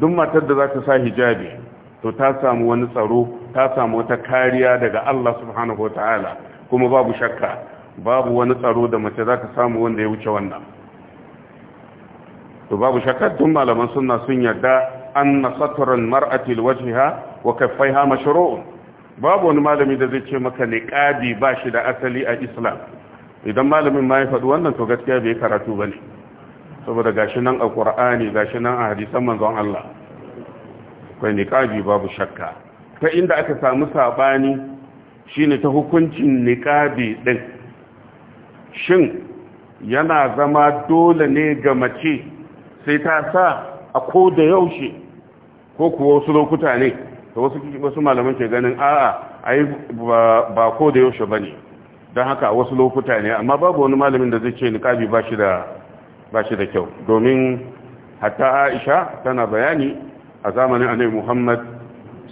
duk matar da za ta sa hijabi to ta samu wani tsaro ta samu wata kariya daga Allah subhanahu wa ta'ala kuma babu shakka babu wani tsaro da mace za ta samu wanda ya wuce wannan to babu shakka tun malaman sunna sun yarda an na saturan mar'atil wajiha wa kaffaiha mashru'un babu wani malami da zai ce maka niqabi ba shi da asali a islam idan malamin ma ya faɗi wannan to gaskiya bai karatu ba ne saboda gashi nan a ƙur'ani gashi nan a hadisan manzon Allah akwai niqabi babu shakka ta inda aka samu sabani shine ta hukuncin niqabi ɗin. shin yana zama dole ne ga mace sai ta sa a ko da yaushe ko kuwa wasu lokuta ne to wasu wasu malaman ke ganin a ai ba ko da yaushe bane don haka wasu lokuta ne amma babu wani malamin da zai ce niqabi ba shi da bashi da kyau domin hatta Aisha tana bayani a zamanin Annabi Muhammad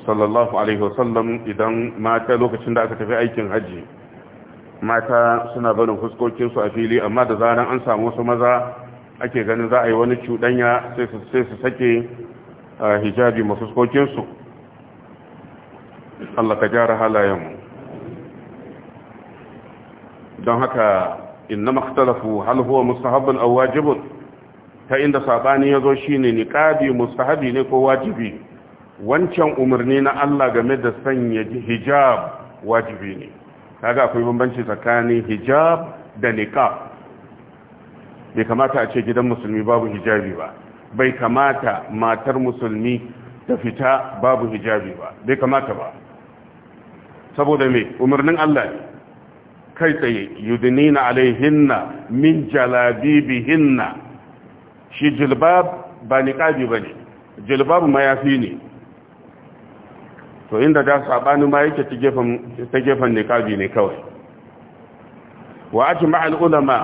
sallallahu alaihi wasallam idan mata lokacin da aka tafi aikin haji mata suna barin fuskokinsu a fili amma da zaran an samu wasu maza ake ganin za a yi wani cudanya sai su sake ah, hijabi ma fuskokinsu Allah ka gyara halayenmu don haka inna makhtalafu hal huwa mustahabun a wajibin, ta inda zo shi shine niqabi mustahabi ne ko wajibi wancan umarni na Allah game da sanya hijab wajibi ne kaga akwai bambanci tsakanin hijab da niqab bai kamata a ce gidan musulmi babu hijabi ba bai kamata matar musulmi ta fita babu hijabi ba bai kamata ba saboda me umarnin Allah ne kai tsaye yudnina alaihinna min jalabibihinna shi jilbab ba niqabi bane jilbab mayafi ne to inda da sabani ma yake ta gefen ta gefen niqabi ne kawai wa ajma al ulama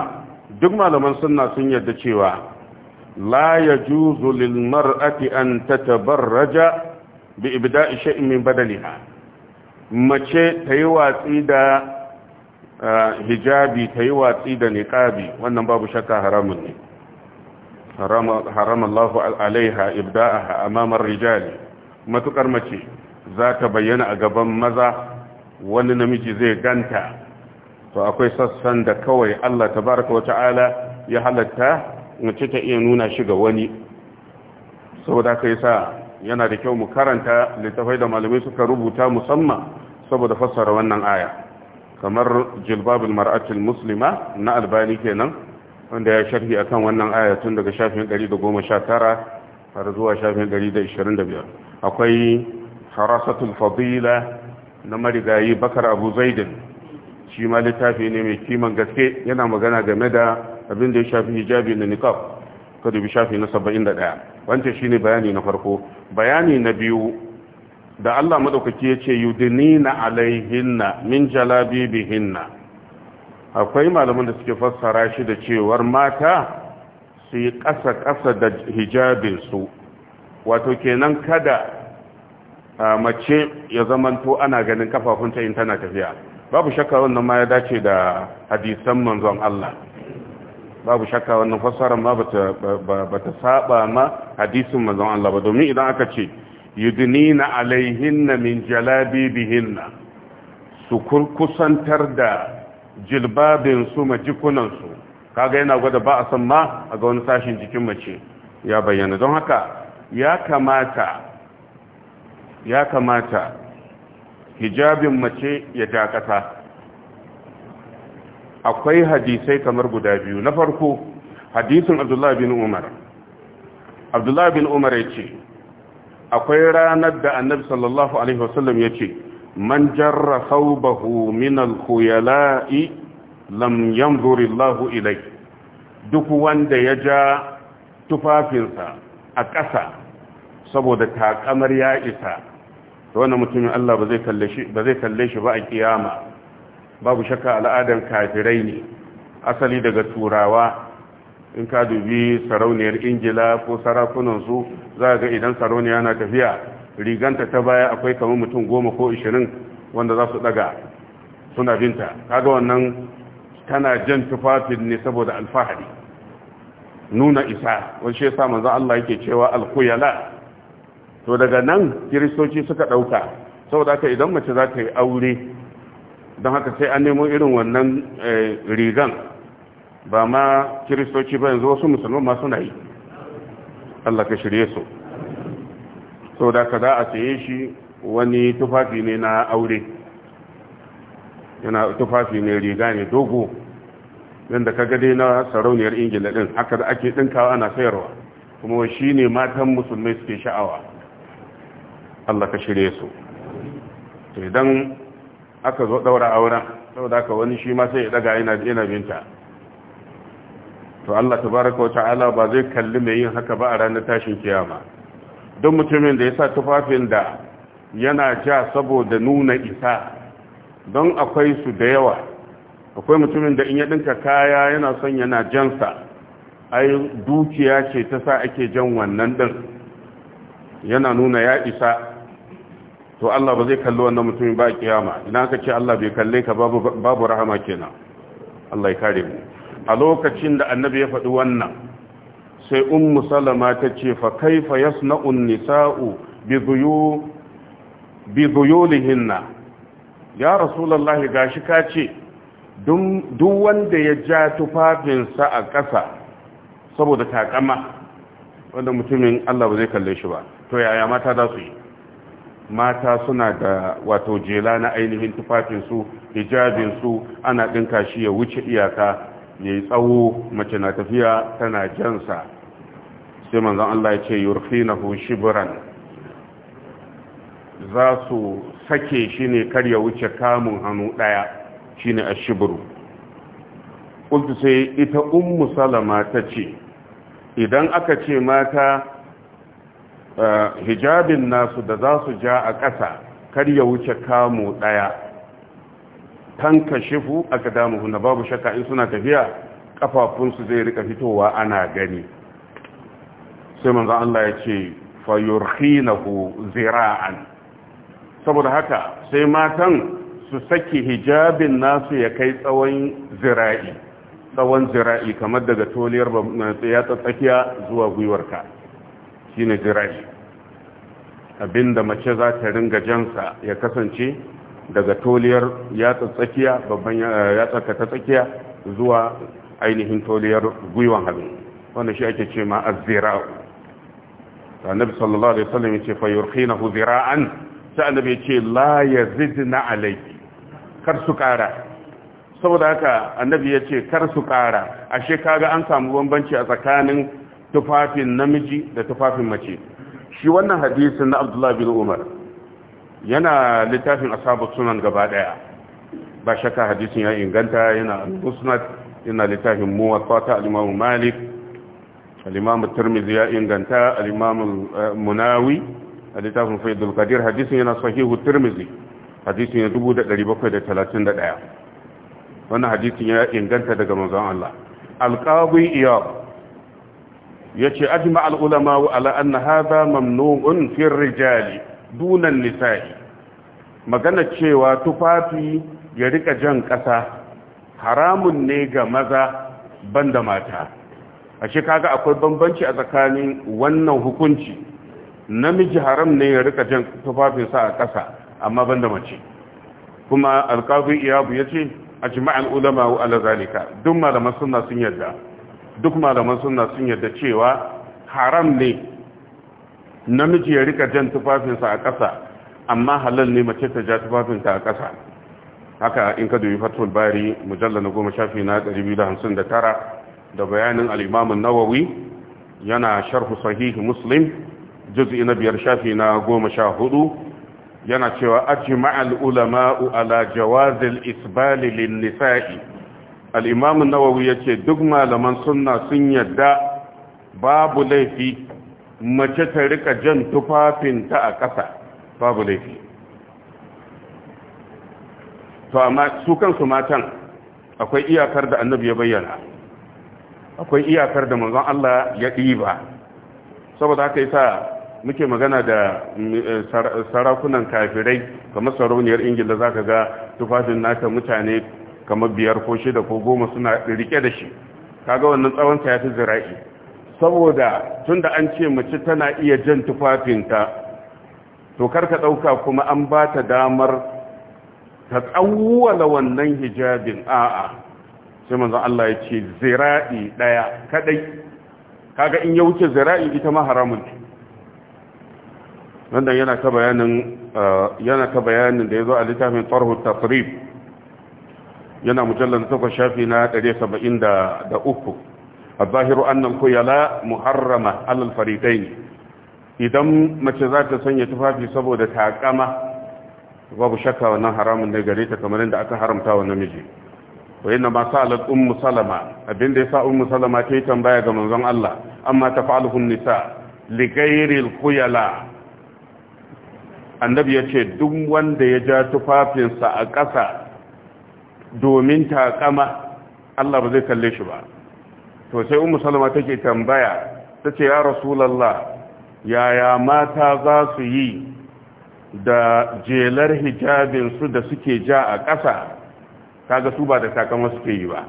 duk malaman sunna sun yarda cewa la yajuzu lil mar'ati an tatabarraja bi ibda'i shay'in min badaniha mace ta yi watsi da uh, hijabi ta yi watsi da niƙabi. wannan babu shakka haramun ne haram Allah alaiha ibda'aha amamar rijali matukar mace za ta bayyana a gaban maza wani namiji zai ganta to akwai sassan da kawai Allah tabaraka wata'ala ya halatta mace ta iya nuna shi ga wani saboda kai sa yana da kyau mu karanta littafai da malamai suka rubuta musamman saboda fassara wannan aya kamar jilbabul mar'atul muslima na albani kenan wanda ya sharhi akan wannan aya tun daga shafin 119 har zuwa shafin 125 akwai harasatul fadila na marigayi bakar abu zaidin shi ma littafi ne mai kiman gaske yana magana game da abin da ya shafi hijabi na niqab kada bi shafi na 71 wancan shine bayani na farko bayani na biyu da Allah madaukaki ya ce yudnina alaihinna min jalabibihinna akwai malaman da suke fassara shi da cewar mata su yi ƙasa-ƙasa da hijabinsu wato kenan kada mace ya zamanto ana ganin kafafunta in tana tafiya babu shakka wannan ma ya dace da hadisan manzon Allah babu shakka wannan fassara ma bata saba ma hadisin manzon Allah ba domin idan aka ce yudnina alaihinna min jalabibihinna su kurkusantar da jilbabin su majikunan su kaga yana gwada ba a san ma a ga wani sashin jikin mace ya bayyana don haka ya kamata ya kamata hijabin mace ya dakata akwai hadisai kamar guda biyu na farko hadisin abdullahi bin umar abdullahi bin umar ya ce akwai ranar da annabi sallallahu alaihi wasallam ya ce man jarra saubahu min alkhuyala'i lam yanzuri Allahu ilai duk wanda ya ja tufafinsa a ƙasa saboda takamar ya isa da wannan mutumin Allah ba zai kalle shi ba a kiyama babu shakka al'adan kafirai ne asali daga turawa in ka dubi sarauniyar ingila ko sarakunansu za ga idan sarauniya na tafiya riganta ta baya akwai kamar mutum goma ko ishirin wanda za su daga suna binta kaga wannan tana jan tufafin ne saboda alfahari nuna isa wani shi yasa manzo Allah yake cewa alkuyala to daga nan kiristoci suka dauka saboda haka idan mace za ta yi aure don haka sai an nemo irin wannan eh, rigan ba ma kiristoci ba yanzu wasu musulman ma suna yi Allah ka shirye su so da ka za a saye shi wani tufafi ne na aure yana tufafi ne riga ne dogo yadda da ka gade na sarauniyar ingila din haka da ake dinkawa ana sayarwa kuma shi ne matan musulmai suke sha'awa Allah ka shirye su idan aka zo daura auren sau da aka wani shi ma sai ya daga yana binta to Allah tabaraka wata'ala ba zai kalli mai yin haka ba a ranar tashin kiyama don mutumin da ya sa tufafin da yana ja saboda nuna isa don akwai su da yawa akwai mutumin da in ya ɗinka kaya yana son yana jansa ai dukiya ce ta sa ake jan wannan ɗin yana nuna ya isa to Allah ba zai kalli wannan mutumin ba a kiyama ina ka ce Allah bai kalle ka babu rahama kenan Allah ya kare mu a lokacin da annabi ya faɗi wannan sai un salama ta ce fa kaifa yasna'un nisa'u bi lihinna. ya rasulullahi gashi ka ce duk wanda ya ja tufafinsa a ƙasa saboda takama wanda mutumin Allah ba zai kalle shi ba to yaya mata za su yi mata suna da wato jela na ainihin tufafinsu hijabinsu ana ɗinka shi ya wuce iyaka ya yi tsawo mace na tafiya tana jansa sai manzan Allah ya ce yurfinahu shibiran', za su sake shi ne kar wuce kamun hannu ɗaya shi ne a shibiru. ƙuntu sai ita ummu salama ta ce idan aka ce mata eh, hijabin nasu da za su ja a ƙasa kar ya wuce kamu ɗaya tanka shifu aka damu na babu shaka, in suna tafiya kafafunsu zai rika fitowa ana gani sai manzo Allah ya ce fayurkhinahu zira'an saboda haka sai matan su saki hijabin nasu ya kai tsawon zira'i tsawon zira'i kamar daga toliyar ya tsakiya zuwa gwiwarka shine zira'i abinda mace za ta ringa jansa ya kasance daga toliyar yatsa tsakiya babban eh, yatsa ta tsakiya zuwa ainihin toliyar gwiwan hannu wanda shi ake ce ma azzira'u annabi sallallahu alaihi wasallam yace fa yurkhinahu zira'an sai annabi yace la yazidna alayhi kar su kara saboda haka annabi yace kar su kara ashe kaga an samu bambanci a tsakanin tufafin namiji da tufafin mace shi wannan hadisin na Abdullahi bin Umar yana littafin Asabar sunan gaba daya ba shakka hadisin ya inganta yana al musnad yana littafin muwatta ta al-imam malik al-imam tirmidhi ya inganta al-imam munawi littafin faidul qadir hadisin yana sahihu tirmidhi hadisin ya 1731 wannan hadisin ya inganta daga manzon Allah al-qadi iyad yace ajma al-ulama ala anna hadha mamnu'un fi ar-rijali dunan nisa'i magana cewa tufafi ya rika jan ƙasa haramun ne ga maza banda mata a kaga akwai bambanci a tsakanin wannan hukunci namiji haram ne ya rika jan tufafinsa a ƙasa amma banda mace kuma alƙazin iyabu ya ce a jima'an ulama wa ala duk malaman sunna sun yarda yarda cewa haram ne namiji ya rika jan tufafinsa a ƙasa amma halal ne mace ta ja tufafinta a ƙasa haka in ka dubi fatul bari mujalla na goma shafi na biyu da bayanin al'imamun nawawi yana sharhu sahihi muslim juz'i na biyar shafi na goma sha hudu yana cewa ajma'al ulama'u ala jawazil isbali lin nisa'i al-imam nawawi yace duk malaman sunna sun yadda babu laifi mace ta rika jan tufafinta a ƙasa babu laifi to amma su kansu matan akwai iyakar da annabi ya bayyana akwai iyakar da manzon Allah ya ɗiba saboda haka yasa muke magana da mm, eh, sarakunan kafirai kamar sarauniyar ingila za ka ga tufafin nata mutane kamar biyar ko shida ko goma suna rike da shi kaga wannan tsawonsa ya fi zira'i saboda tunda an ce mace tana iya jan tufafinta to karka ɗauka kuma an ba ta damar ta tsawwala wannan hijabin a'a sai manzo Allah ya ce zira'i ɗaya kaɗai kaga in ya wuce zira'i ita ma haramun ce wannan yana ta bayanin eh, yana ta bayanin da ya zo a littafin tsarhu tasrif yana mujallar takwas shafi na 173 الظاهر أن الخيلاء محرمة على ne. idan mace za ta sanya tufafi saboda takama babu shakka wannan haramun ne gareta ta kamar yadda aka haramta wa namiji wa yana ma sa'alat ummu salama abinda yasa ummu salama ta yi tambaya ga manzon Allah amma tafa'aluhu nisa li ghairi al-khuyala annabi yace duk wanda ya ja tufafinsa a ƙasa domin takama Allah ba zai kalle shi ba to sai ummu salama take tambaya tace ya rasulullah yaya mata za su yi da jelar hijabinsu da suke ja a ƙasa kaga su ba da takama suke yi ba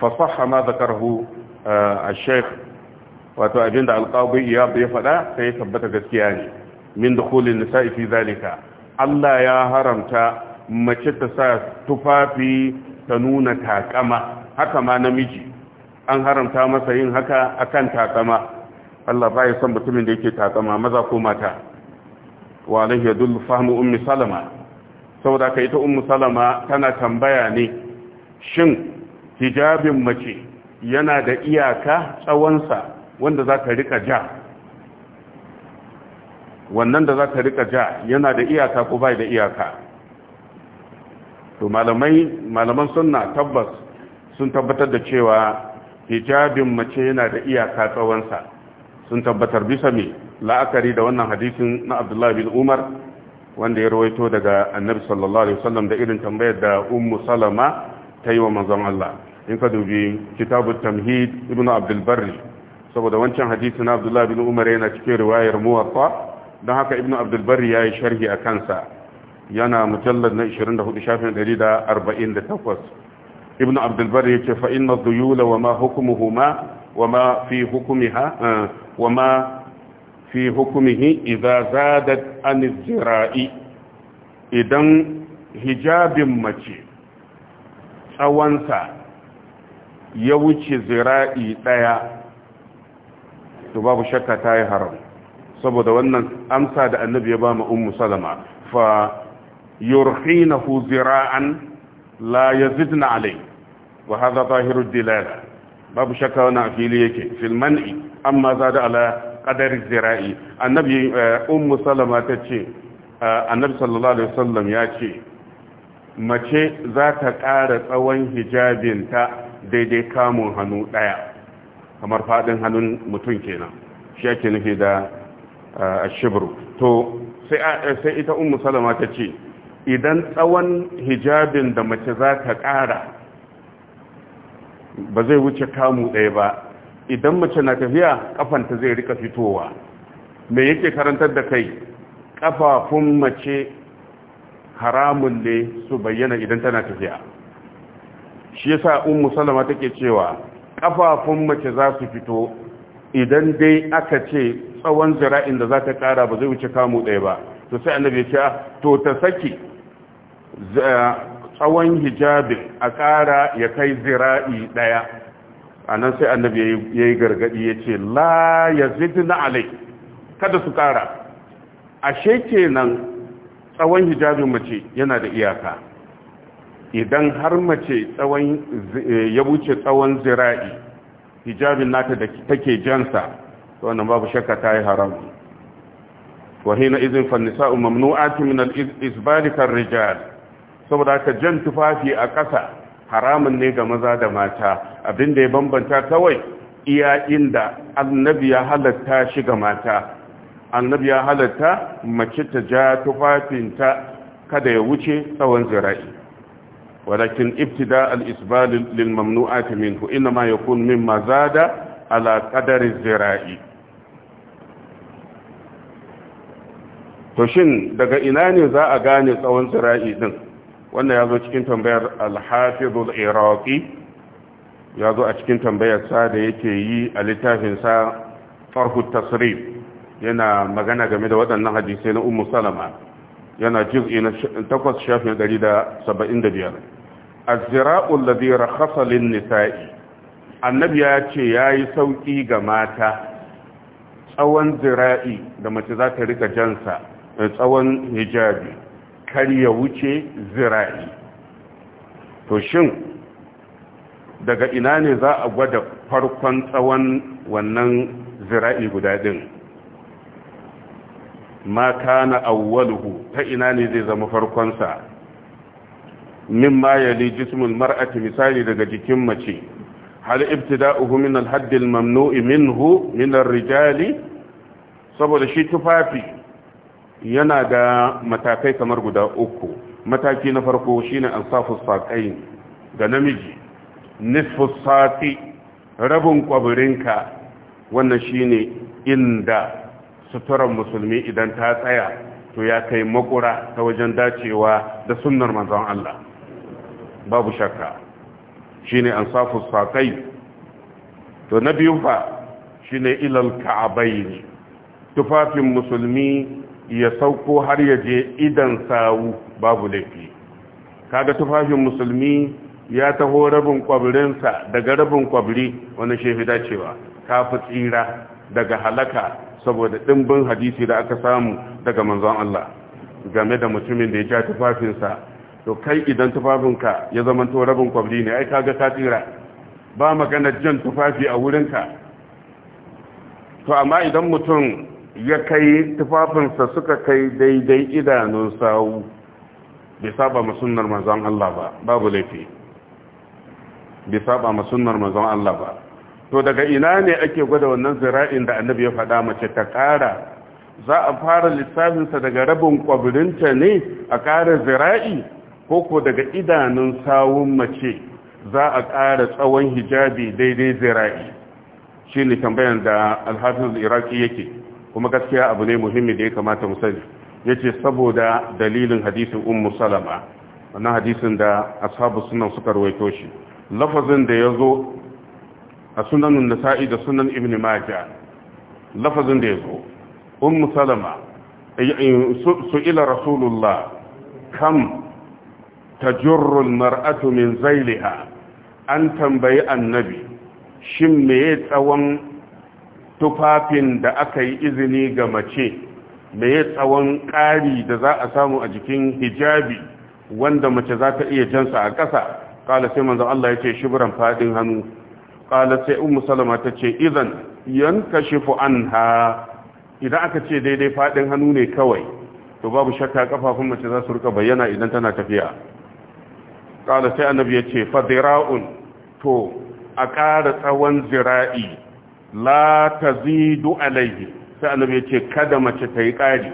fa sahha ma zakarhu eh, a sheikh wato abinda alqabi ya bai fada sai tabbata gaskiya ne min dukhulin nisa'i fi zalika Allah ya haramta mace ta sa tufafi ta nuna takama haka ma namiji an haramta masa yin haka akan takama Allah ba ya san mutumin da yake takama maza ko mata wa alaihi yadullu fahmu ummi salama saboda ka ita ummu salama tana tambaya ne shin hijabin mace yana da iyaka tsawonsa wanda za ka rika ja wannan da za ka rika ja yana da iyaka ko bai da iyaka to malamai malaman sunna tabbas sun tabbatar da cewa hijabin mace yana da iyaka tsawonsa sun tabbatar bisa mai la'akari da wannan hadisin na abdullahi bin umar wanda ya rawaito daga annabi sallallahu alaihi wasallam da irin tambayar da ummu salama ta yi wa manzon Allah in ka dubi kitabu tamhid ibnu abdul barri saboda wancan hadisi na abdullahi bin umar yana cikin riwayar muwatta don haka ibnu abdul barri yi sharhi a kansa yana mujallad na 24 shafin 148 ibn abdulbar ya ce fa'in na zuyula wa ma hukumuhuma wa ma fi ha eh, wa ma fi hukumihi idan zadat an zira'i idan hijabin mace tsawonsa ya wuce zira'i ɗaya to babu shakka ta yi haram saboda wannan amsa da annabi ya ba mu ummu salama fa yurhinahu zira'an la yazidna alayhi wa hadha zahiru dilala babu shakka wannan afili yake fil man'i amma zada ala qadari zira'i annabi eh, ummu salama eh, annabi sallallahu alaihi wasallam ya ce mace za ta ƙara tsawon hijabinta daidai kamun hannu ɗaya kamar faɗin hannun mutum kenan shi ake eh, shibru to sai ita ummu salama idan tsawon hijabin da mace za ta ƙara ba zai wuce kamu ɗaya ba idan mace na tafiya kafanta zai rika fitowa mai yake karantar da kai kafafun mace haramun ne su bayyana idan tana tafiya shi yasa ummu salama take cewa kafafun mace za su fito idan dai aka ce tsawon zira'in da za ta kara ba zai wuce kamu ɗaya ba to sai annabi ya ce ah, to ta saki tsawon hijabi a ƙara ya kai zira'i ɗaya a nan sai annabi ya yi gargaɗi ya ce la ya na alai kada su ƙara ashe nan tsawon hijabin mace yana da iyaka idan har mace eh, ya wuce tsawon zira'i hijabi nata da take jansa wannan babu shakka ta yi haram wahina izin fannisa umarnu ati min al kan rijal saboda haka jan tufafi a ƙasa haramun ne ga maza da mata abinda ya bambanta kawai iya inda annabi ya halatta shi ga mata annabi ya halatta mace ta ja tufafinta kada ya wuce tsawon zira'i walakin ibtida al-isbal lil mamnu'ati minhu ma yakun mimma zada ala qadari zira'i to shin daga ina ne za a gane tsawon zira'i din wannan ya zo cikin tambayar alhafizul Iraki. ya zo a cikin tambayar sa da yake yi a littafin sa farhu tasrif yana magana game da waɗannan hadisai na ummu salama yana juz'i na takwas, shafin 175 az-zira'u alladhi rakhasa lin-nisa'i annabi ya ce ya yi sauƙi ga mata tsawon zira'i da mace za ta rika jansa eh, tsawon hijabi kar ya wuce zira'i to shin daga ina ne za a gwada farkon tsawon wannan zira'i guda din ma kana awwaluhu ta ina ne zai zama farkonsa ya yali jismul mar'ati misali daga jikin mace hal ibtida'uhu min al-hadd al-mamnu'i minhu min ar-rijali saboda shi tufafi yana da matakai kamar guda uku mataki na farko shine ansafu saqain ga namiji nisfu sati rabin kwabirinka wannan shine inda suturar musulmi idan ta tsaya to ya kai makura ta wajen dacewa da sunnar manzon Allah babu shakka shine ansafu saqai to na biyu fa shine ilal ka'abaini tufafin musulmi ya sauko har ya je idan sawu babu laifi kaga tufafin musulmi ya taho rabin kwabirinsa daga rabin kwabiri wani shafi dacewa kafi tsira daga halaka saboda ɗimbin hadisi da aka samu daga manzon Allah game da mutumin da ya ja tufafinsa to kai idan tufafinka ya zama to rabin kwabri ne ai kaga ka tsira ba magana jan tufafi a wurinka to amma idan mutum ya kai tufafinsa suka kai daidai idanun sawu bai saba ma mazan Allah ba babu laifi bai saba ma mazan Allah ba to daga ina ne ake gwada wannan zira'in da annabi ya faɗa mace ta ƙara za a fara lissafinsa daga rabin kwabirinta ne a ƙara zira'i ko ko daga idanun sawun mace za a ƙara tsawon hijabi daidai zira'i shi ne tambayan da alhafin iraki yake kuma gaskiya abu ne muhimmi da ya kamata mu sani yace saboda dalilin hadisin ummu salama wannan hadisin da ashabu sunan suka rawaito shi lafazin da yazo a sunanun nasa'i da sunan ibn majah lafazin da yazo ummu salama su'ila rasulullah kam tajurru almar'atu min zailiha an tambayi annabi shin meye tsawon tufafin da aka yi izini ga mace mai ya tsawon ƙari da za a samu a jikin hijabi wanda mace za ta iya jansa a ƙasa ƙala sai manzan Allah ya ce shibiran faɗin hannu ƙala sai umu salama ta ce idan yanka shifu an ha idan aka ce daidai faɗin hannu ne kawai to babu shakka kafafun mace za su rika bayyana idan tana tafiya ƙala sai annabi ya ce fadira'un to a ƙara tsawon zira'i la tazidu alaihi sai annabi yace kada mace ta yi ƙari,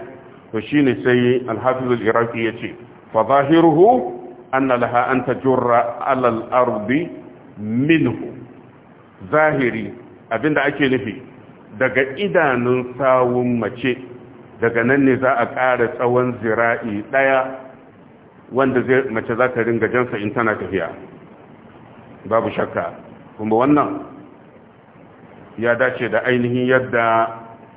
to shine sai al-hafiz yace fa zahiruhu anna laha an tajurra ala alal minhu zahiri abinda ake nufi daga idanun sawun mace daga nan ne za a ƙara tsawon zira'i ɗaya wanda mace za ta ringa jansa in tana tafiya babu shakka kuma wannan ya dace da ainihin yadda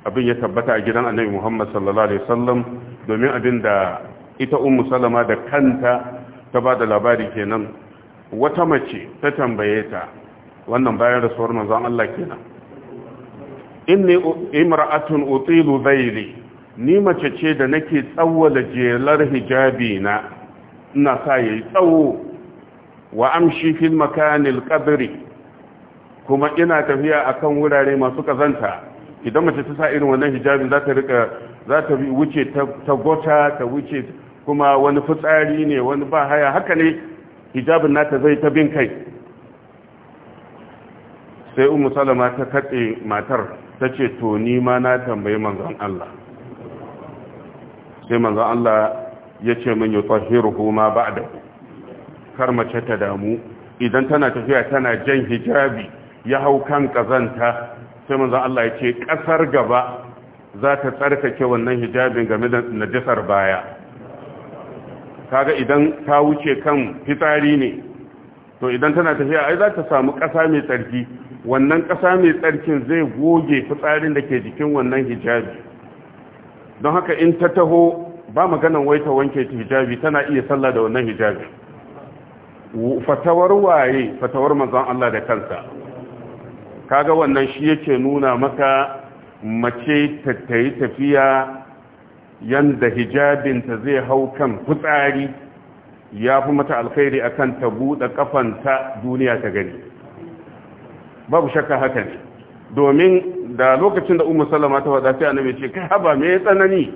abin ya tabbata a gidan annabi Muhammad sallallahu alaihi wasallam domin abin da ita ummu salama da kanta ta ba da labari kenan wata mace ta tambaye ta wannan bayan rasuwar manzon Allah kenan inni imra'atun utilu dhayli ni mace ce da nake tsawwala jelar hijabi na ina sa yayi tsawo wa amshi fil makanil qadri kuma ina tafiya akan wurare masu kazanta idan mace ta sa irin wannan hijabi za ta rika za ta wuce ta gota ta wuce kuma wani fitsari ne wani ba haya haka ne hijabin nata zai ta bin kai sai umu salama ta katse matar ta ce to ni ma na tambayi manzon Allah sai manzon Allah ya ce min yi tsohiru kuma ba da kar mace ta damu idan tana tafiya tana jan hijabi ya hau kan kazanta sai manzon Allah ya ce kasar gaba za ta tsarkake wannan hijabin game da najasar baya kaga idan ta wuce kan fitsari ne to idan tana tafiya ai za ta samu kasa mai tsarki wannan kasa mai tsarkin zai goge fitarin da ke jikin wannan hijabi don haka in ta taho ba maganan wai ta wanke hijabi tana iya sallah da wannan hijabi fatawar waye fatawar manzon Allah da kansa kaga wannan shi yake nuna maka mace ta yi tafiya yanda hijabinta zai hau kan fitsari ya fi mata alkhairi akan ta buɗe kafanta duniya ta gani babu shakka haka ne domin da lokacin da umar salama ta wada sai annabi ce kai haba me tsanani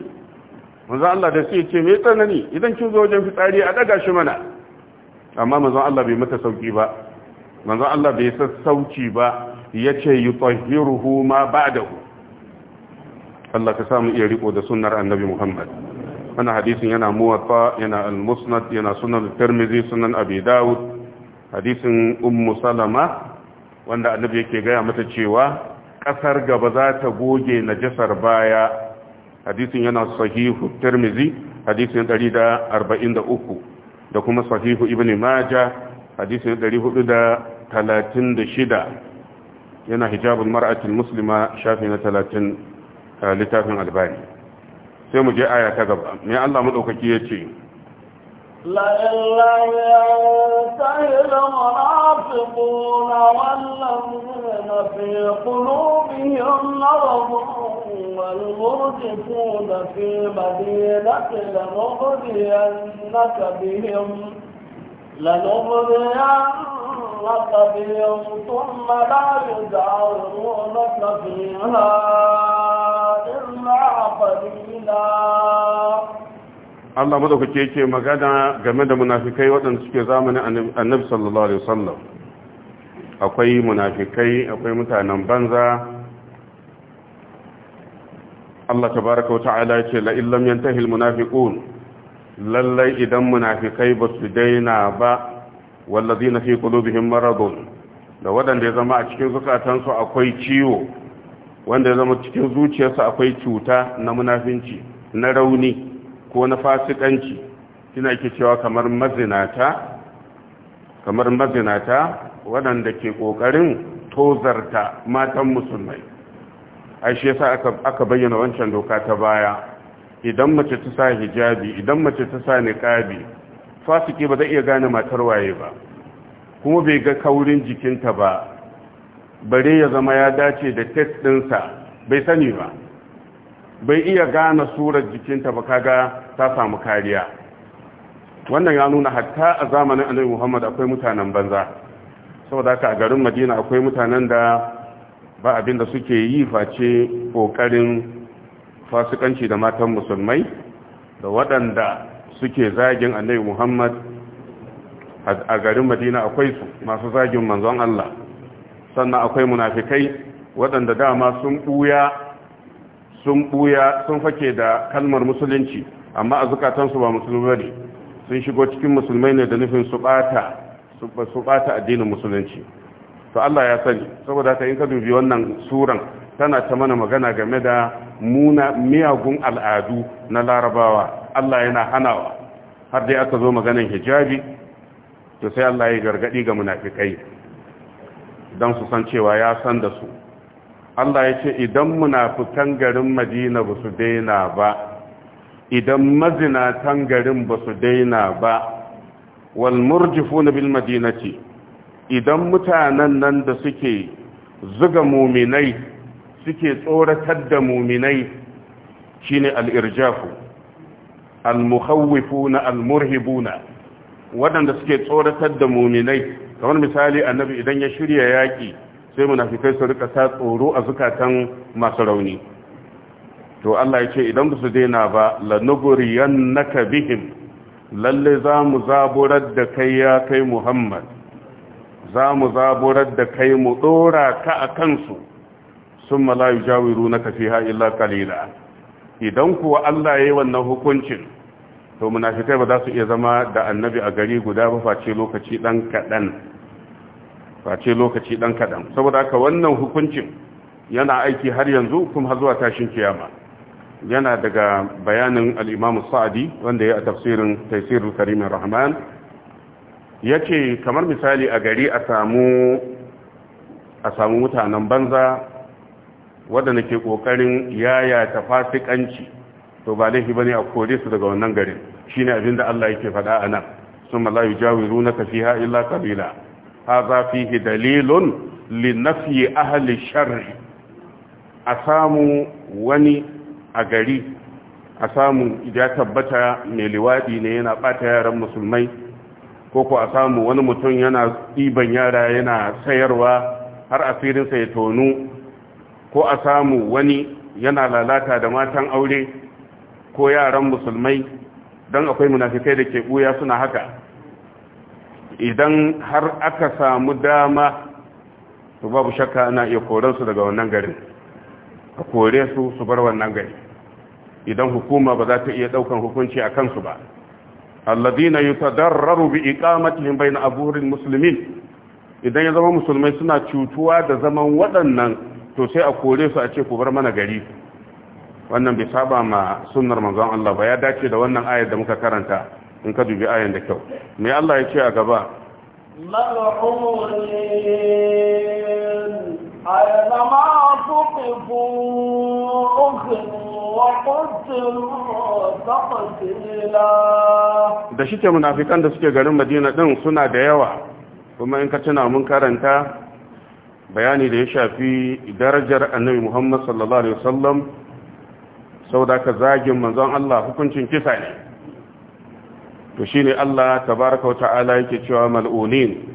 manzo Allah da sai ce me tsanani idan kin zo wajen fitsari a daga shi mana amma manzo Allah bai mata sauki ba manzo Allah bai sassauci ba yace yutahhiruhu ma ba'dahu Allah ka samu iya riko da sunnar annabi Muhammad wannan hadisin yana muwatta yana al-musnad yana sunan tirmidhi sunan abi dawud hadisin ummu salama wanda annabi yake gaya mata cewa kasar gaba za ta goge najasar baya hadisin yana sahihu tirmidhi hadisin 143 da kuma sahihu ibn majah hadisin 436 ينا حجاب المرأة المسلمة شافنة لاتن آه، لتافن الباري سيما جاء آية كذب يا الله ملوك كيتي لا إلا ينتهي المنافقون والذين في قلوبهم نرض والمرجفون في مدينة لنغذينك بهم لنبذينك فيه ثم لا يجاورونك فيها إلا قليلا Allah madaukake yake magana game da munafikai waɗanda suke zamanin annabi sallallahu alaihi wasallam akwai munafikai akwai mutanen banza Allah tabaaraka wa ta'ala yace la illam yantahi almunafiqun lallai idan munafikai ba su daina ba wallazi na fi qulubihim maradun da waɗanda ya zama a cikin zukatansu akwai ciwo wanda ya zama cikin zuciyarsu akwai cuta na munafinci na rauni ko na fasikanci kina ke cewa kamar mazinata kamar mazinata waɗanda ke ƙoƙarin tozarta matan musulmai ai shi yasa aka bayyana wancan doka ta baya idan mace ta sa hijabi idan mace ta sa niqabi fasiki ba zai iya gane matar waye ba kuma bai ga kaurin jikinta ba bare ya zama ya dace da test ɗinsa bai sani ba bai iya gane surar jikinta ba kaga ta samu kariya wannan ya nuna hatta a zamanin annabi Muhammad akwai mutanen banza saboda haka a garin Madina akwai mutanen da ba abin da suke yi face kokarin fasikanci da matan musulmai da waɗanda suke zagin annabi muhammad a garin madina akwai su masu zagin manzon allah sannan akwai munafikai waɗanda dama sun ɓuya sun ɓuya sun fake da kalmar musulunci amma a zukatansu ba musulmi ne sun shigo cikin musulmai ne da nufin su ɓata su ɓata addinin musulunci to Allah ya sani saboda haka in ka dubi wannan suran tana ta mana magana game da muna miyagun al'adu na larabawa Allah yana hanawa har dai aka zo maganan hijabi to sai Allah ya gargadi ga munafikai don su san cewa ya san da su Allah ya ce idan munafikan garin Madina ba su daina ba idan mazinatan garin ba su daina ba wal murjifuna bil madinati idan mutanen nan da suke zuga muminai suke tsoratar da muminai shine al al'irjafu al na al-murhibuna waɗanda suke tsoratar da muminai kamar misali annabi idan ya shirya yaƙi sai munafikai su rika sa tsoro a zukatan masu rauni to Allah ya ce idan ba su daina ba lanuguriyan naka bihim lalle za mu zaburar da kai ya kai muhammad za mu zaburar da kai mu ɗora ka a kansu sun malayu jawiru na kafiha illa kalila idan kuwa Allah ya yi wannan hukuncin to munafikai ba za su iya zama da annabi a gari guda ba face lokaci ɗan kaɗan face lokaci ɗan kaɗan saboda haka wannan hukuncin yana aiki har yanzu kuma har zuwa tashin kiyama yana daga bayanin al'imamu sa'adi wanda ya a tafsirin taisirul karimin rahman ya ce kamar misali a gari a a samu mutanen banza waɗanda ke ƙoƙarin yaya ta fasikanci to ba laifi bane a kore su daga wannan garin shine abin da Allah yake faɗa a nan summa la yujawirunaka fiha illa qalila hadha fihi dalilun li ahli a samu wani a gari a samu ya tabbata mai liwadi ne yana bata yaran musulmai ko ko a samu wani mutum yana ɗiban yara yana sayarwa har asirinsa ya tonu ko a samu wani yana lalata da matan aure ko yaran musulmai don akwai munafikai da ke buya suna haka idan har aka samu dama su babu shakka ana iya koransu daga wannan garin a kore su su bar wannan gari idan hukuma ba za ta iya ɗaukan hukunci a kansu ba alladina yutadarraru bi iqamatihim bayna aburil muslimin idan ya zama musulmai suna cutuwa da zaman waɗannan to sai a kore su a ce ku bar mana gari wannan bai saba ma sunnar manzon Allah ba ya dace da wannan ayar da muka karanta in ka dubi ayar da kyau me Allah ya ce a gaba da shi ke munafikan da suke garin madina din suna da yawa kuma in ka tuna mun karanta bayani da ya shafi darajar annabi muhammad sallallahu alaihi wasallam sau da ka zagin manzon Allah hukuncin kisa ne to shi ne Allah tabaraka wa ta'ala yake cewa mal'unin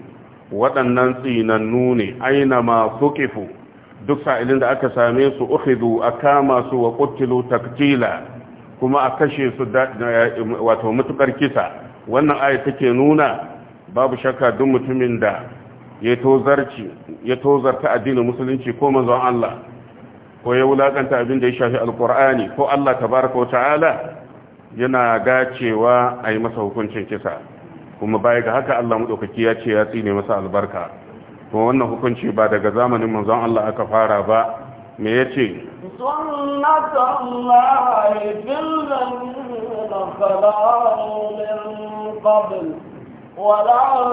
waɗannan tsinannu ne aina ma fuqifu duk sa'ilin da aka same su uhidu a kama su wa qutilu taktila kuma a kashe su wato matuƙar kisa wannan aya take nuna babu shakka duk mutumin da ya tozar ta addinin musulunci ko manzon Allah ko ya wulakanta abin da ya shafi Alƙur'ani ko Allah tabaaraka ta'ala yana gacewa a yi masa hukuncin kisa kuma baya ga haka Allah maɗaukaki ya ce ya tsine masa albarka kuma wannan hukunci ba daga zamanin manzon Allah aka fara ba me ya ce sunnatullahi ولن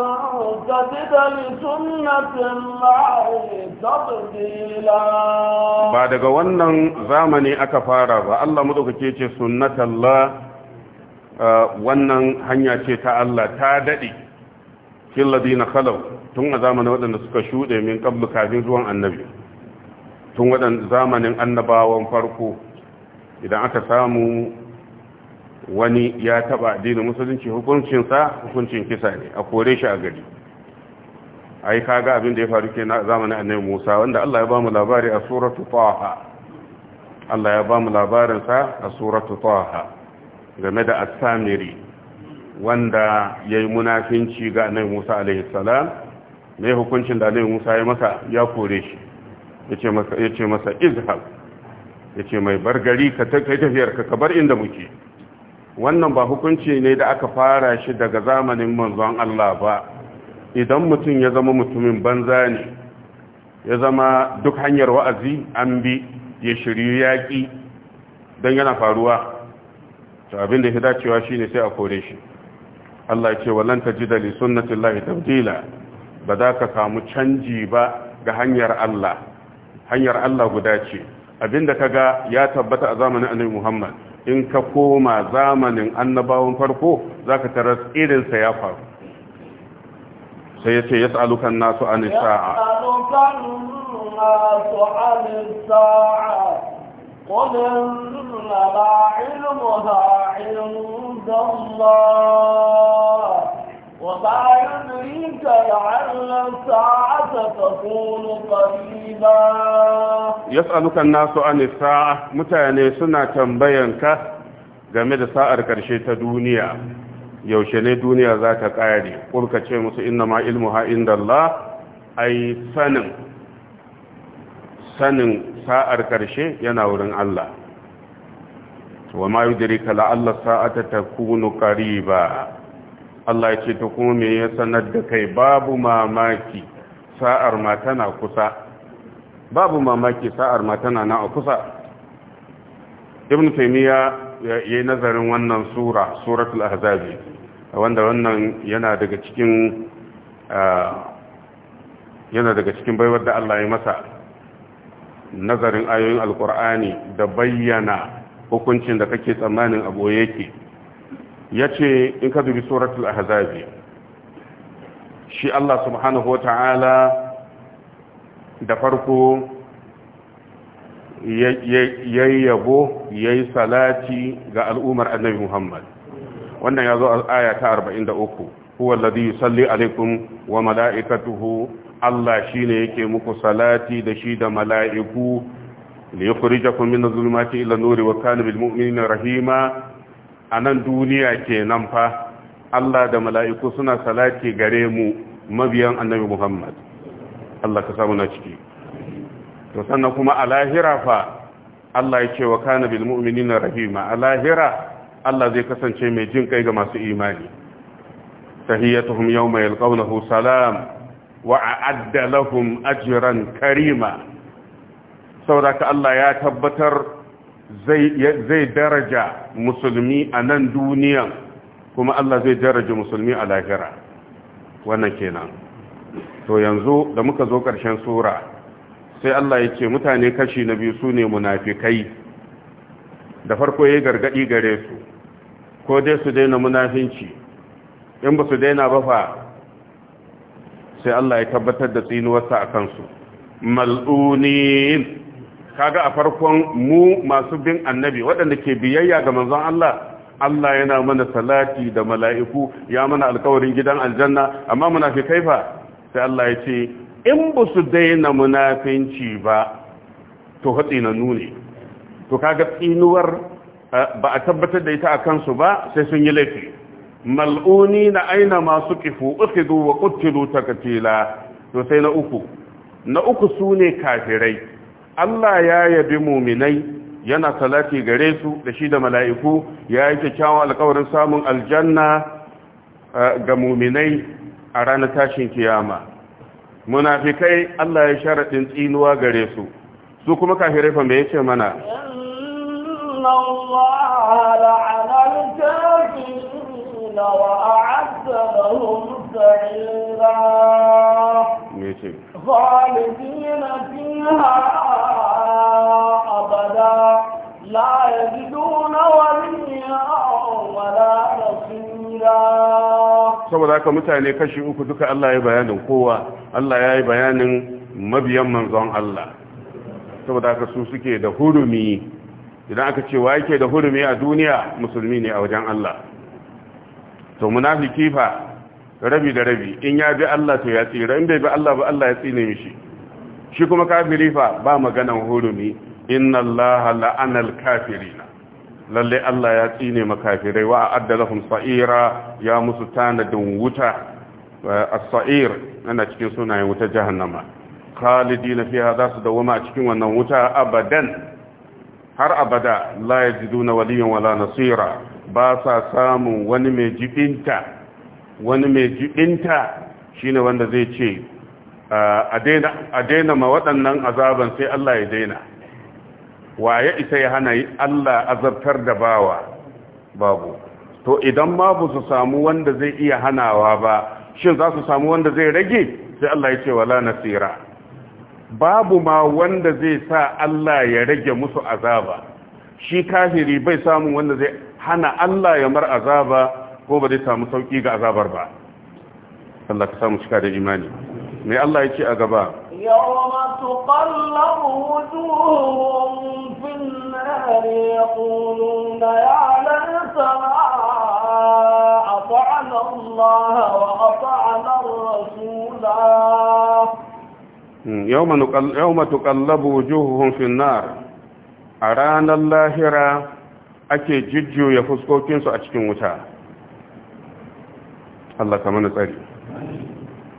تجد لسنة الله تبديلا بعد قوانا زامني أكفارا الله مدوك تيتي سنة الله wannan hanya ce ta Allah ta daɗe fil ladina khalaw tun a zamanin waɗanda suka shuɗe min qablu kafin zuwan annabi tun waɗanda zamanin annabawan farko idan aka samu wani ya taba addinin musulunci hukuncinsa hukuncin kisa ne a kore shi a gari ai kaga abin da ya faru ke na zamanin annabi Musa wanda Allah ya bamu labari a suratu Taha Allah ya bamu labarin sa a suratu Taha game da As-Samiri wanda yayi munafinci ga annabi Musa alaihi salam mai hukuncin da annabi Musa ya masa ya kore shi yace masa yace masa izhab yace mai bargari ka kai tafiyar ka bar inda muke wannan ba hukunci ne da aka fara shi daga zamanin manzon Allah ba idan mutum ya zama mutumin banza ne ya zama duk hanyar wa'azi an bi ya shiryu yaƙi don yana faruwa to abin da ya dacewa shi ne sai a kore shi Allah ce walan ta ji dali sunnatin lahi tabdila ba za ka samu canji ba ga hanyar Allah hanyar Allah guda ce abin da ka ga ya tabbata a zamanin annabi Muhammad in ka koma zamanin annabawan farko zaka taras irinsa ya faru sai ya ce yas'alukan nasu an sa'a قل إنما علمها عند الله وما يدريك لعل الساعة تكون قريبا يسألك الناس عن الساعة متاني سنة تنبينك game da sa'ar ƙarshe ta duniya yaushe ne duniya za ta ƙare ƙulka ce musu inna ma ilmu ha'in da Allah ai sanin sanin sa'ar ƙarshe yana wurin Allah wa ma yi dirika la'allar sa'ata ta kunu ƙariba Allah ya ce ta kuma me ya sanar da kai babu mamaki sa'ar ma tana kusa babu mamaki sa'ar ma tana na a kusa ibn taymiya yayi nazarin wannan sura suratul ahzab wanda wannan yana daga cikin yana daga cikin baiwar da Allah ya masa nazarin ayoyin alkur'ani da bayyana hukuncin da kake tsammanin abu yake ya ce in ka dubi suratul ahzabi shi Allah subhanahu wa ta'ala da farko ya yabo ya yi salati ga al'ummar annabi Muhammad wannan ya zo al'aya ta 43 huwa ladhi yusalli alaikum wa mala'ikatuhu Allah shine yake muku salati da shi da mala'iku li yukhrijakum min adh-dhulumati ila an-nuri wa kana bil mu'minina rahima a nan duniya kenan fa Allah da mala'iku suna salati gare mu mabiyan annabi Muhammad Allah ka samu na ciki to sannan kuma a lahira fa Allah ya ce wa kana bil mu'minina rahima a lahira Allah zai kasance mai jin kai ga masu imani tahiyyatuhum yawma yalqawnahu salam wa a'adda lahum ajran karima saboda Allah ya tabbatar zai daraja musulmi a nan duniyan kuma Allah zai daraja musulmi a lahira wannan kenan to yanzu da muka zo ƙarshen sura sai Allah ya ce mutane kashi na biyu su ne munafikai da farko ya gargaɗi gare su ko dai su daina munafinci in ba su daina ba fa sai Allah ya tabbatar da tsinuwarsa a kansu mal'unin kaga a farkon mu masu bin annabi waɗanda ke biyayya ga manzon Allah Allah yana mana salati da mala'iku ya mana alkawarin gidan aljanna amma munafikai fa sai Allah ya ce in ba su daina munafinci ba to hatsi na nune to kaga tsinuwar eh, ba a tabbatar da ita a kansu ba sai sun yi laifi mal'uni na aina masu kifu uku wa qutilu takatila to sai na uku na uku sune kafirai Allah ya yabi muminai yana salati gare su da shi da mala'iku ya yi kyakkyawan alkawarin samun aljanna eh, ga muminai a ranar tashin kiyama munafikai Allah ya sharaɗin tsinuwa gare su su kuma kafirai fa me yace mana وأعد أبدا لا يجدون وليا ولا نصيرا saboda haka mutane kashi uku duka Allah ya bayanin kowa Allah ya yi bayanin mabiyan manzon Allah saboda haka su suke da hurumi idan aka ce wa yake da hurumi a duniya musulmi ne a wajen Allah to munafiki fa rabi da rabi in ya bi Allah to ya tsira in bai bi Allah ba Allah ya tsine mishi shi kuma kafiri fa ba maganan hurumi inna allaha la'ana kafirina lalle Allah ya tsine makafirai wa a'adda lahum sa'ira ya musu tanadin wuta as-sa'ir ana cikin sunayen wuta jahannama khalidina fiha za su dawama a cikin wannan wuta abadan har abada la yajiduna waliyan wala nasira ba sa samun wani mai jibinta wani mai jibinta shine wanda zai ce a daina ma waɗannan azaban sai Allah ya daina wa ya isa ya hana Allah azabtar da bawa babu to idan ma ba su samu wanda zai iya hanawa ba shin za su samu wanda zai rage sai Allah ya ce wala nasira babu ma wanda zai sa Allah ya rage musu azaba shi kafiri bai samu wanda zai hana Allah ya mar azaba ko ba zai samu sauki ga azabar ba Allah ka samu cika da imani mai Allah ya ce a gaba يوم تقلب وجوههم في النار يقولون يا ليتنا أطعنا الله وأطعنا الرسولا يوم تقلب وجوههم في النار أرانا اللاهرة ake jujjuya fuskokinsu a cikin wuta Allah ka mana tsari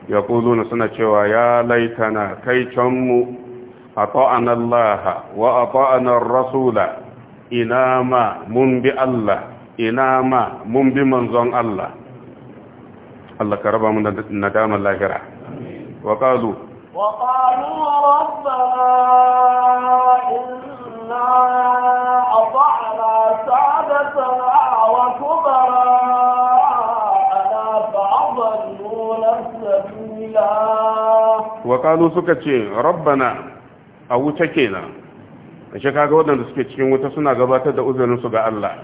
ya suna cewa ya laitana kai canmu a ta'anar laha wa a ta'anar rasula ina ma mun bi Allah ina ma mun bi manzon Allah Allah ka raba mu nadamar lahira wa wa wa waƙalu suka ce rabbana a wuta kenan a shi kaga waɗanda suke cikin wuta suna gabatar da uzurinsu ga Allah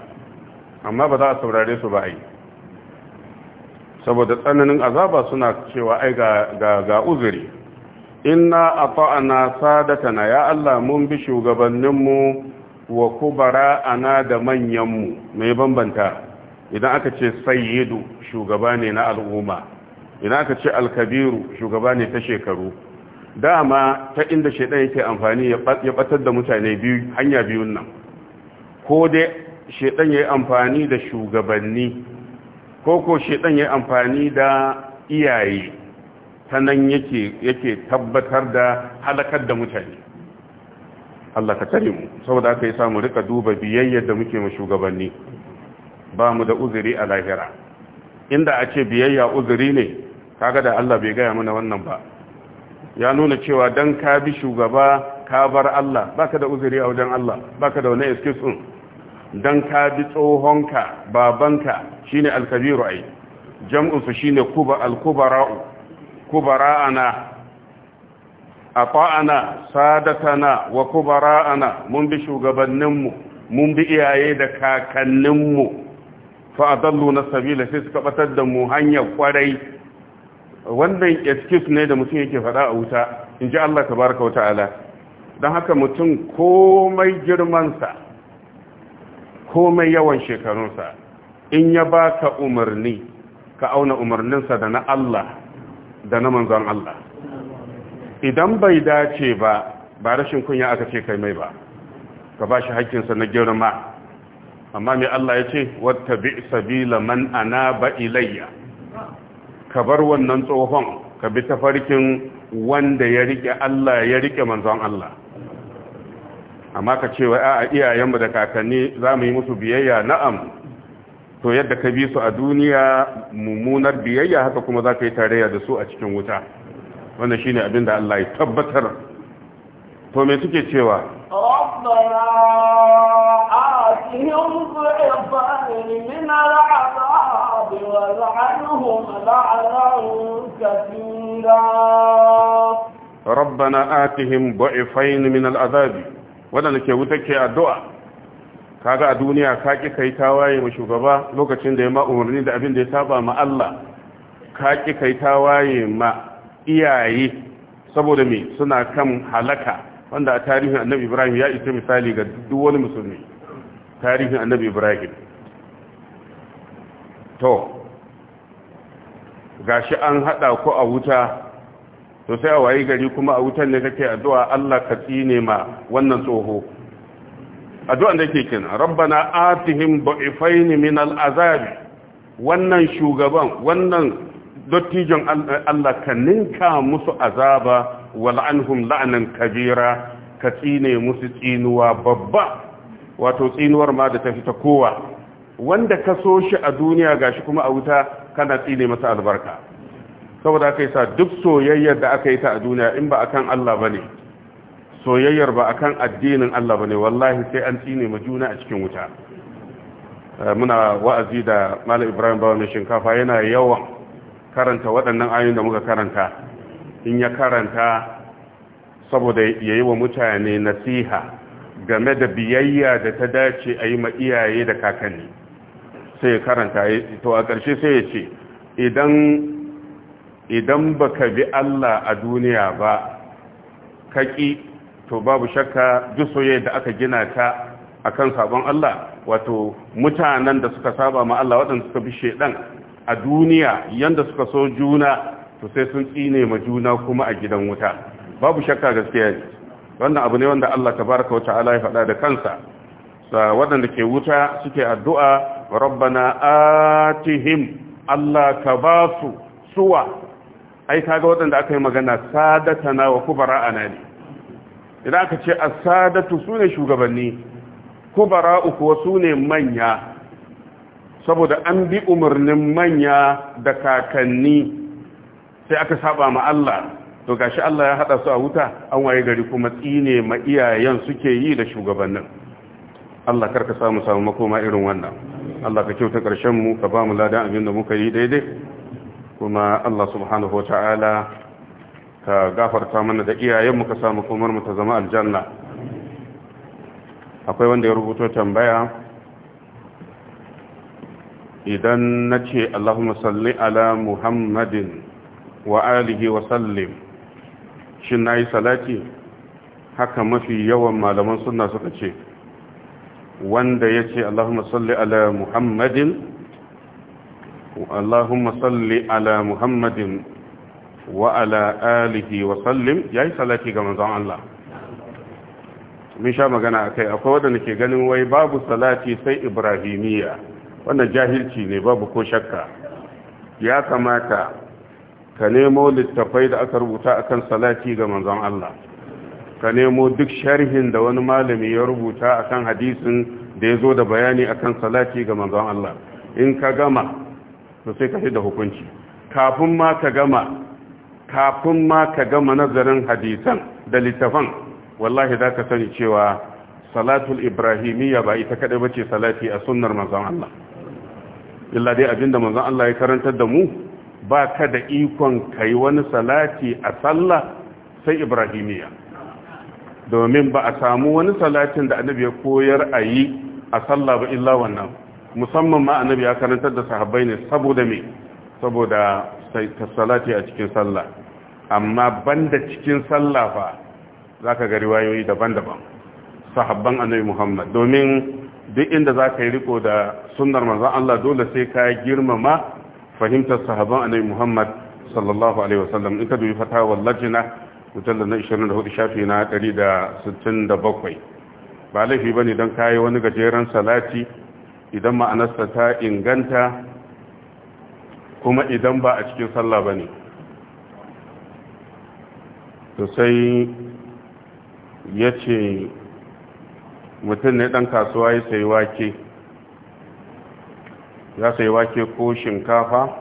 amma ba za a saurare su ba yi saboda tsananin azaba suna cewa ai ga uzuri inna a fa'ana sadatana ya Allah mun bi shugabanninmu wa kubara ana da manyanmu mai bambanta idan aka ce sayyidu shugaba ne na al'umma Ina ka ce alkabiru shugaba ne ta shekaru dama ta inda shaidan yake amfani ya batar da mutane biyu hanya biyun nan ko dai shaidan ya yi amfani da shugabanni ko ko shaidan ya yi amfani da iyaye ta nan yake tabbatar da halakar da mutane Allah ka tare mu saboda aka yi samu rika duba biyayyar da muke ma shugabanni ba mu da uzuri a lahira inda a ce biyayya uzuri ne kaga da Allah bai gaya mana wannan ba ya nuna cewa dan ka bi shugaba ka bar Allah baka da uzuri a wajen Allah baka da wani excuse din dan ka bi tsohonka babanka shine al-kabiru ai jam'u su shine kuba al-kubara'u kubara'ana ata'ana sadatana wa kubara'ana mun bi shugabanninmu mun bi iyaye da kakanninmu fa adallu na sabila sai suka batar da mu hanyar kwarai wannan excuse ne da mutum yake faɗa a wuta in ji Allah baraka wata ala, don haka mutum komai girmansa komai yawan shekarunsa in ya baka umarni ka auna umarninsa da na Allah da na manzon Allah idan bai dace ba ba rashin kunya aka ce kai mai ba ka ba shi haƙƙinsa na girma amma mai Allah ya ce wata bi sabila man ana ba ilayya ka bar wannan tsohon ka bi ta farkin wanda ya rike Allah ya rike manzon Allah amma ka ce wa a iyayenmu da kakanni za mu yi musu biyayya na'am to yadda ka bi su a duniya mummunar biyayya haka kuma za ka yi tarayya da su a cikin wuta wannan shine abin da Allah ya tabbatar to me suke cewa ربنا fara ضعفين na العذاب ولعنهم Atihin كثيرا ربنا آتهم ضعفين من العذاب wadanda ke wuta ke addu'a kaga a duniya ka ƙi kai waye ma shugaba lokacin da ya maumarni da abin da ya saba ma Allah ka ƙi kai waye ma iyaye saboda mai suna kan halaka wanda a tarihin annabi ibrahim ya isa misali ga duk wani musulmi tarihin annabi ibrahim to gashi an hada ku a wuta to sai a wayi gari kuma a wutan ne kake addu'a Allah ka tsine ma wannan tsoho addu'an da ke kin rabbana atihim du'ifain min al'azab wannan shugaban wannan dottijon Allah ka ninka musu azaba wal anhum la'nan kabira ka tsine musu tsinuwa babba wato tsinuwar ma da tafi ta kowa wanda ka so shi a duniya gashi kuma a wuta kana tsine masa albarka saboda aka yi sa duk soyayyar da aka yi ta a duniya in ba akan Allah bane soyayyar ba akan addinin Allah bane wallahi sai an tsine ma juna a cikin wuta eh, muna wa'azi da Malam Ibrahim Bawa mai shinkafa yana yawan karanta waɗannan ayoyin da muka karanta in ya karanta saboda yayi wa mutane nasiha game da biyayya da ta dace a yi ma iyaye da kakanni sai ya karanta to a ƙarshe sai ya ce idan ba ka bi Allah a duniya ba kaƙi to babu shakka duk soyayya da aka gina ta a kan sabon Allah wato mutanen da suka saba ma Allah waɗanda suka bi shaɗan a duniya yanda suka so juna to sai sun tsine ma juna kuma a gidan wuta babu shakka gaskiya ne wannan abu ne wanda Allah tabaraka wa ta'ala ya faɗa da kansa waɗanda ke wuta suke addu'a rabbana atihim Allah ka ba suwa ai kaga waɗanda aka yi magana na wa kubara ne idan aka ce a sadatu sune shugabanni kubara'u kuwa sune manya saboda an bi umarnin manya da kakanni sai aka saba ma Allah to gashi Allah ya haɗa su a wuta an waye gari kuma tsine ma iyayen suke yi da shugabannin Allah karka samu samu makoma irin wannan Allah ka kyauta ƙarshen mu ka ba mu ladan abin da muka yi daidai kuma Allah subhanahu wata'ala ka gafarta mana da iyayen mu ka samu komar mu ta zama aljanna akwai wanda ya rubuto tambaya idan nace Allahumma salli ala Muhammadin wa alihi wa sallim shin nayi salati haka mafi yawan malaman sunna suka ce wanda ya ce Allahumma salli ala Muhammadin Allahumma salli ala Muhammadin wa ala alihi wa sallim yayi salati ga manzon Allah mun sha magana akai akwai wanda nake ganin wai babu salati sai ibrahimiya wannan jahilci ne babu ko shakka ya kamata ka nemo littafai da aka rubuta akan salati ga manzon Allah ka nemo duk sharhin da wani malami ya rubuta akan hadisin da ya zo da bayani akan salati ga manzon Allah in ka gama to sai ka da hukunci kafin ma ka gama kafin ma ka gama nazarin hadisan da littafan wallahi za ka sani cewa salatul ibrahimiyya ba ita kaɗai ba ce salati a sunnar manzon Allah illa dai abinda manzon Allah ya karantar da mu ba ka da ikon kai wani salati a sallah sai ibrahimiyya domin ba a samu wani salatin da annabi ya koyar a yi a sallah ba illa wannan musamman ma annabi ya karantar da sahabbai ne saboda me saboda salati a cikin sallah amma banda cikin sallah fa zaka ga riwayoyi daban-daban sahabban annabi Muhammad domin duk inda zaka yi riko da sunnar manzon Allah dole sai ka girmama fahimtar sahabban annabi Muhammad sallallahu alaihi wasallam in ka dubi fatawar lajina da na 24 shafi na 167 ba laifi ba ne don kayi wani gajeren salati idan ma'anarsa ta inganta kuma idan ba a cikin sallah ba ne to sai ya ce mutum ne ɗan kasuwa ya sayi wake ya sayi wake ko shinkafa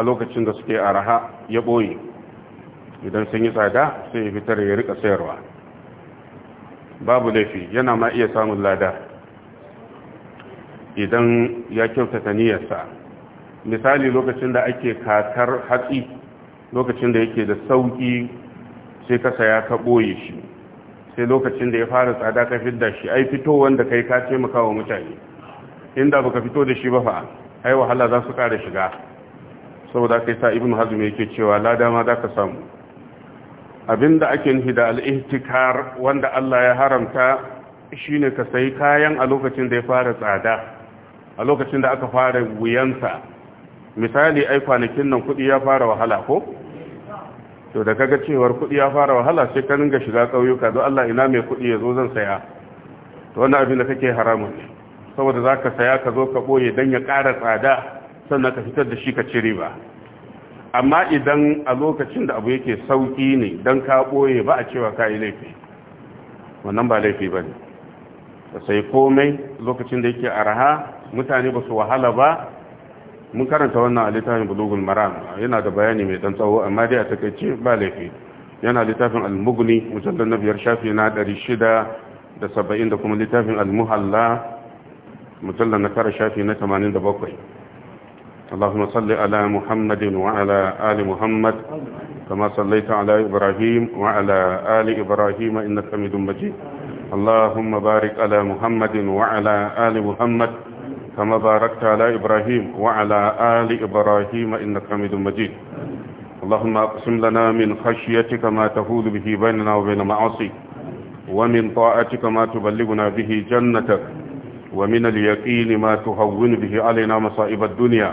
a lokacin da suke araha ya ɓoye idan sun yi tsada sai ya fitar ya rika sayarwa babu laifi yana ma iya samun lada idan ya kyautata niyarsa, misali lokacin da ake katar hatsi lokacin da yake da sauki sai ka saya ka boye shi sai lokacin da ya fara tsada ka fidda shi ai fito wanda kai ka taimaka wa mutane inda baka fito da shi ba fa ai wahala za su ƙara shiga saboda kai sa ibnu hazmi yake cewa lada ma za ka samu abinda ake nufi da al'ihtikar wanda Allah ya haramta shine ka sayi kayan a lokacin da ya fara tsada a lokacin da aka fara wuyansa misali ai kwanakin nan kudi ya fara wahala ko to da kaga cewar kudi ya fara wahala sai ka ringa shiga kauyuka don Allah ina mai kudi ya zo zan saya to wannan abin da kake haramun ne saboda zaka saya ka zo ka boye dan ya ƙara tsada sannan ka fitar da shi ka ci ba. amma idan a lokacin da abu yake sauki ne don ka ɓoye ba a cewa ka yi laifi wannan ba laifi ba ne sai komai lokacin da yake araha mutane ba su wahala ba mun karanta wannan a littafin mara maram yana da bayani mai dan tsawo amma dai a takaice ba laifi yana littafin almuguni mughni na biyar shafi na shida da saba'in da kuma littafin almuhalla muhalla na tara shafi na tamanin da bakwai. اللهم صل على محمد وعلى آل محمد كما صليت على إبراهيم وعلى آل إبراهيم إنك حميد مجيد اللهم بارك على محمد وعلى آل محمد كما باركت على إبراهيم وعلى آل إبراهيم إنك حميد مجيد اللهم اقسم لنا من خشيتك ما تهول به بيننا وبين معاصيك ومن طاعتك ما تبلغنا به جنتك ومن اليقين ما تهون به علينا مصائب الدنيا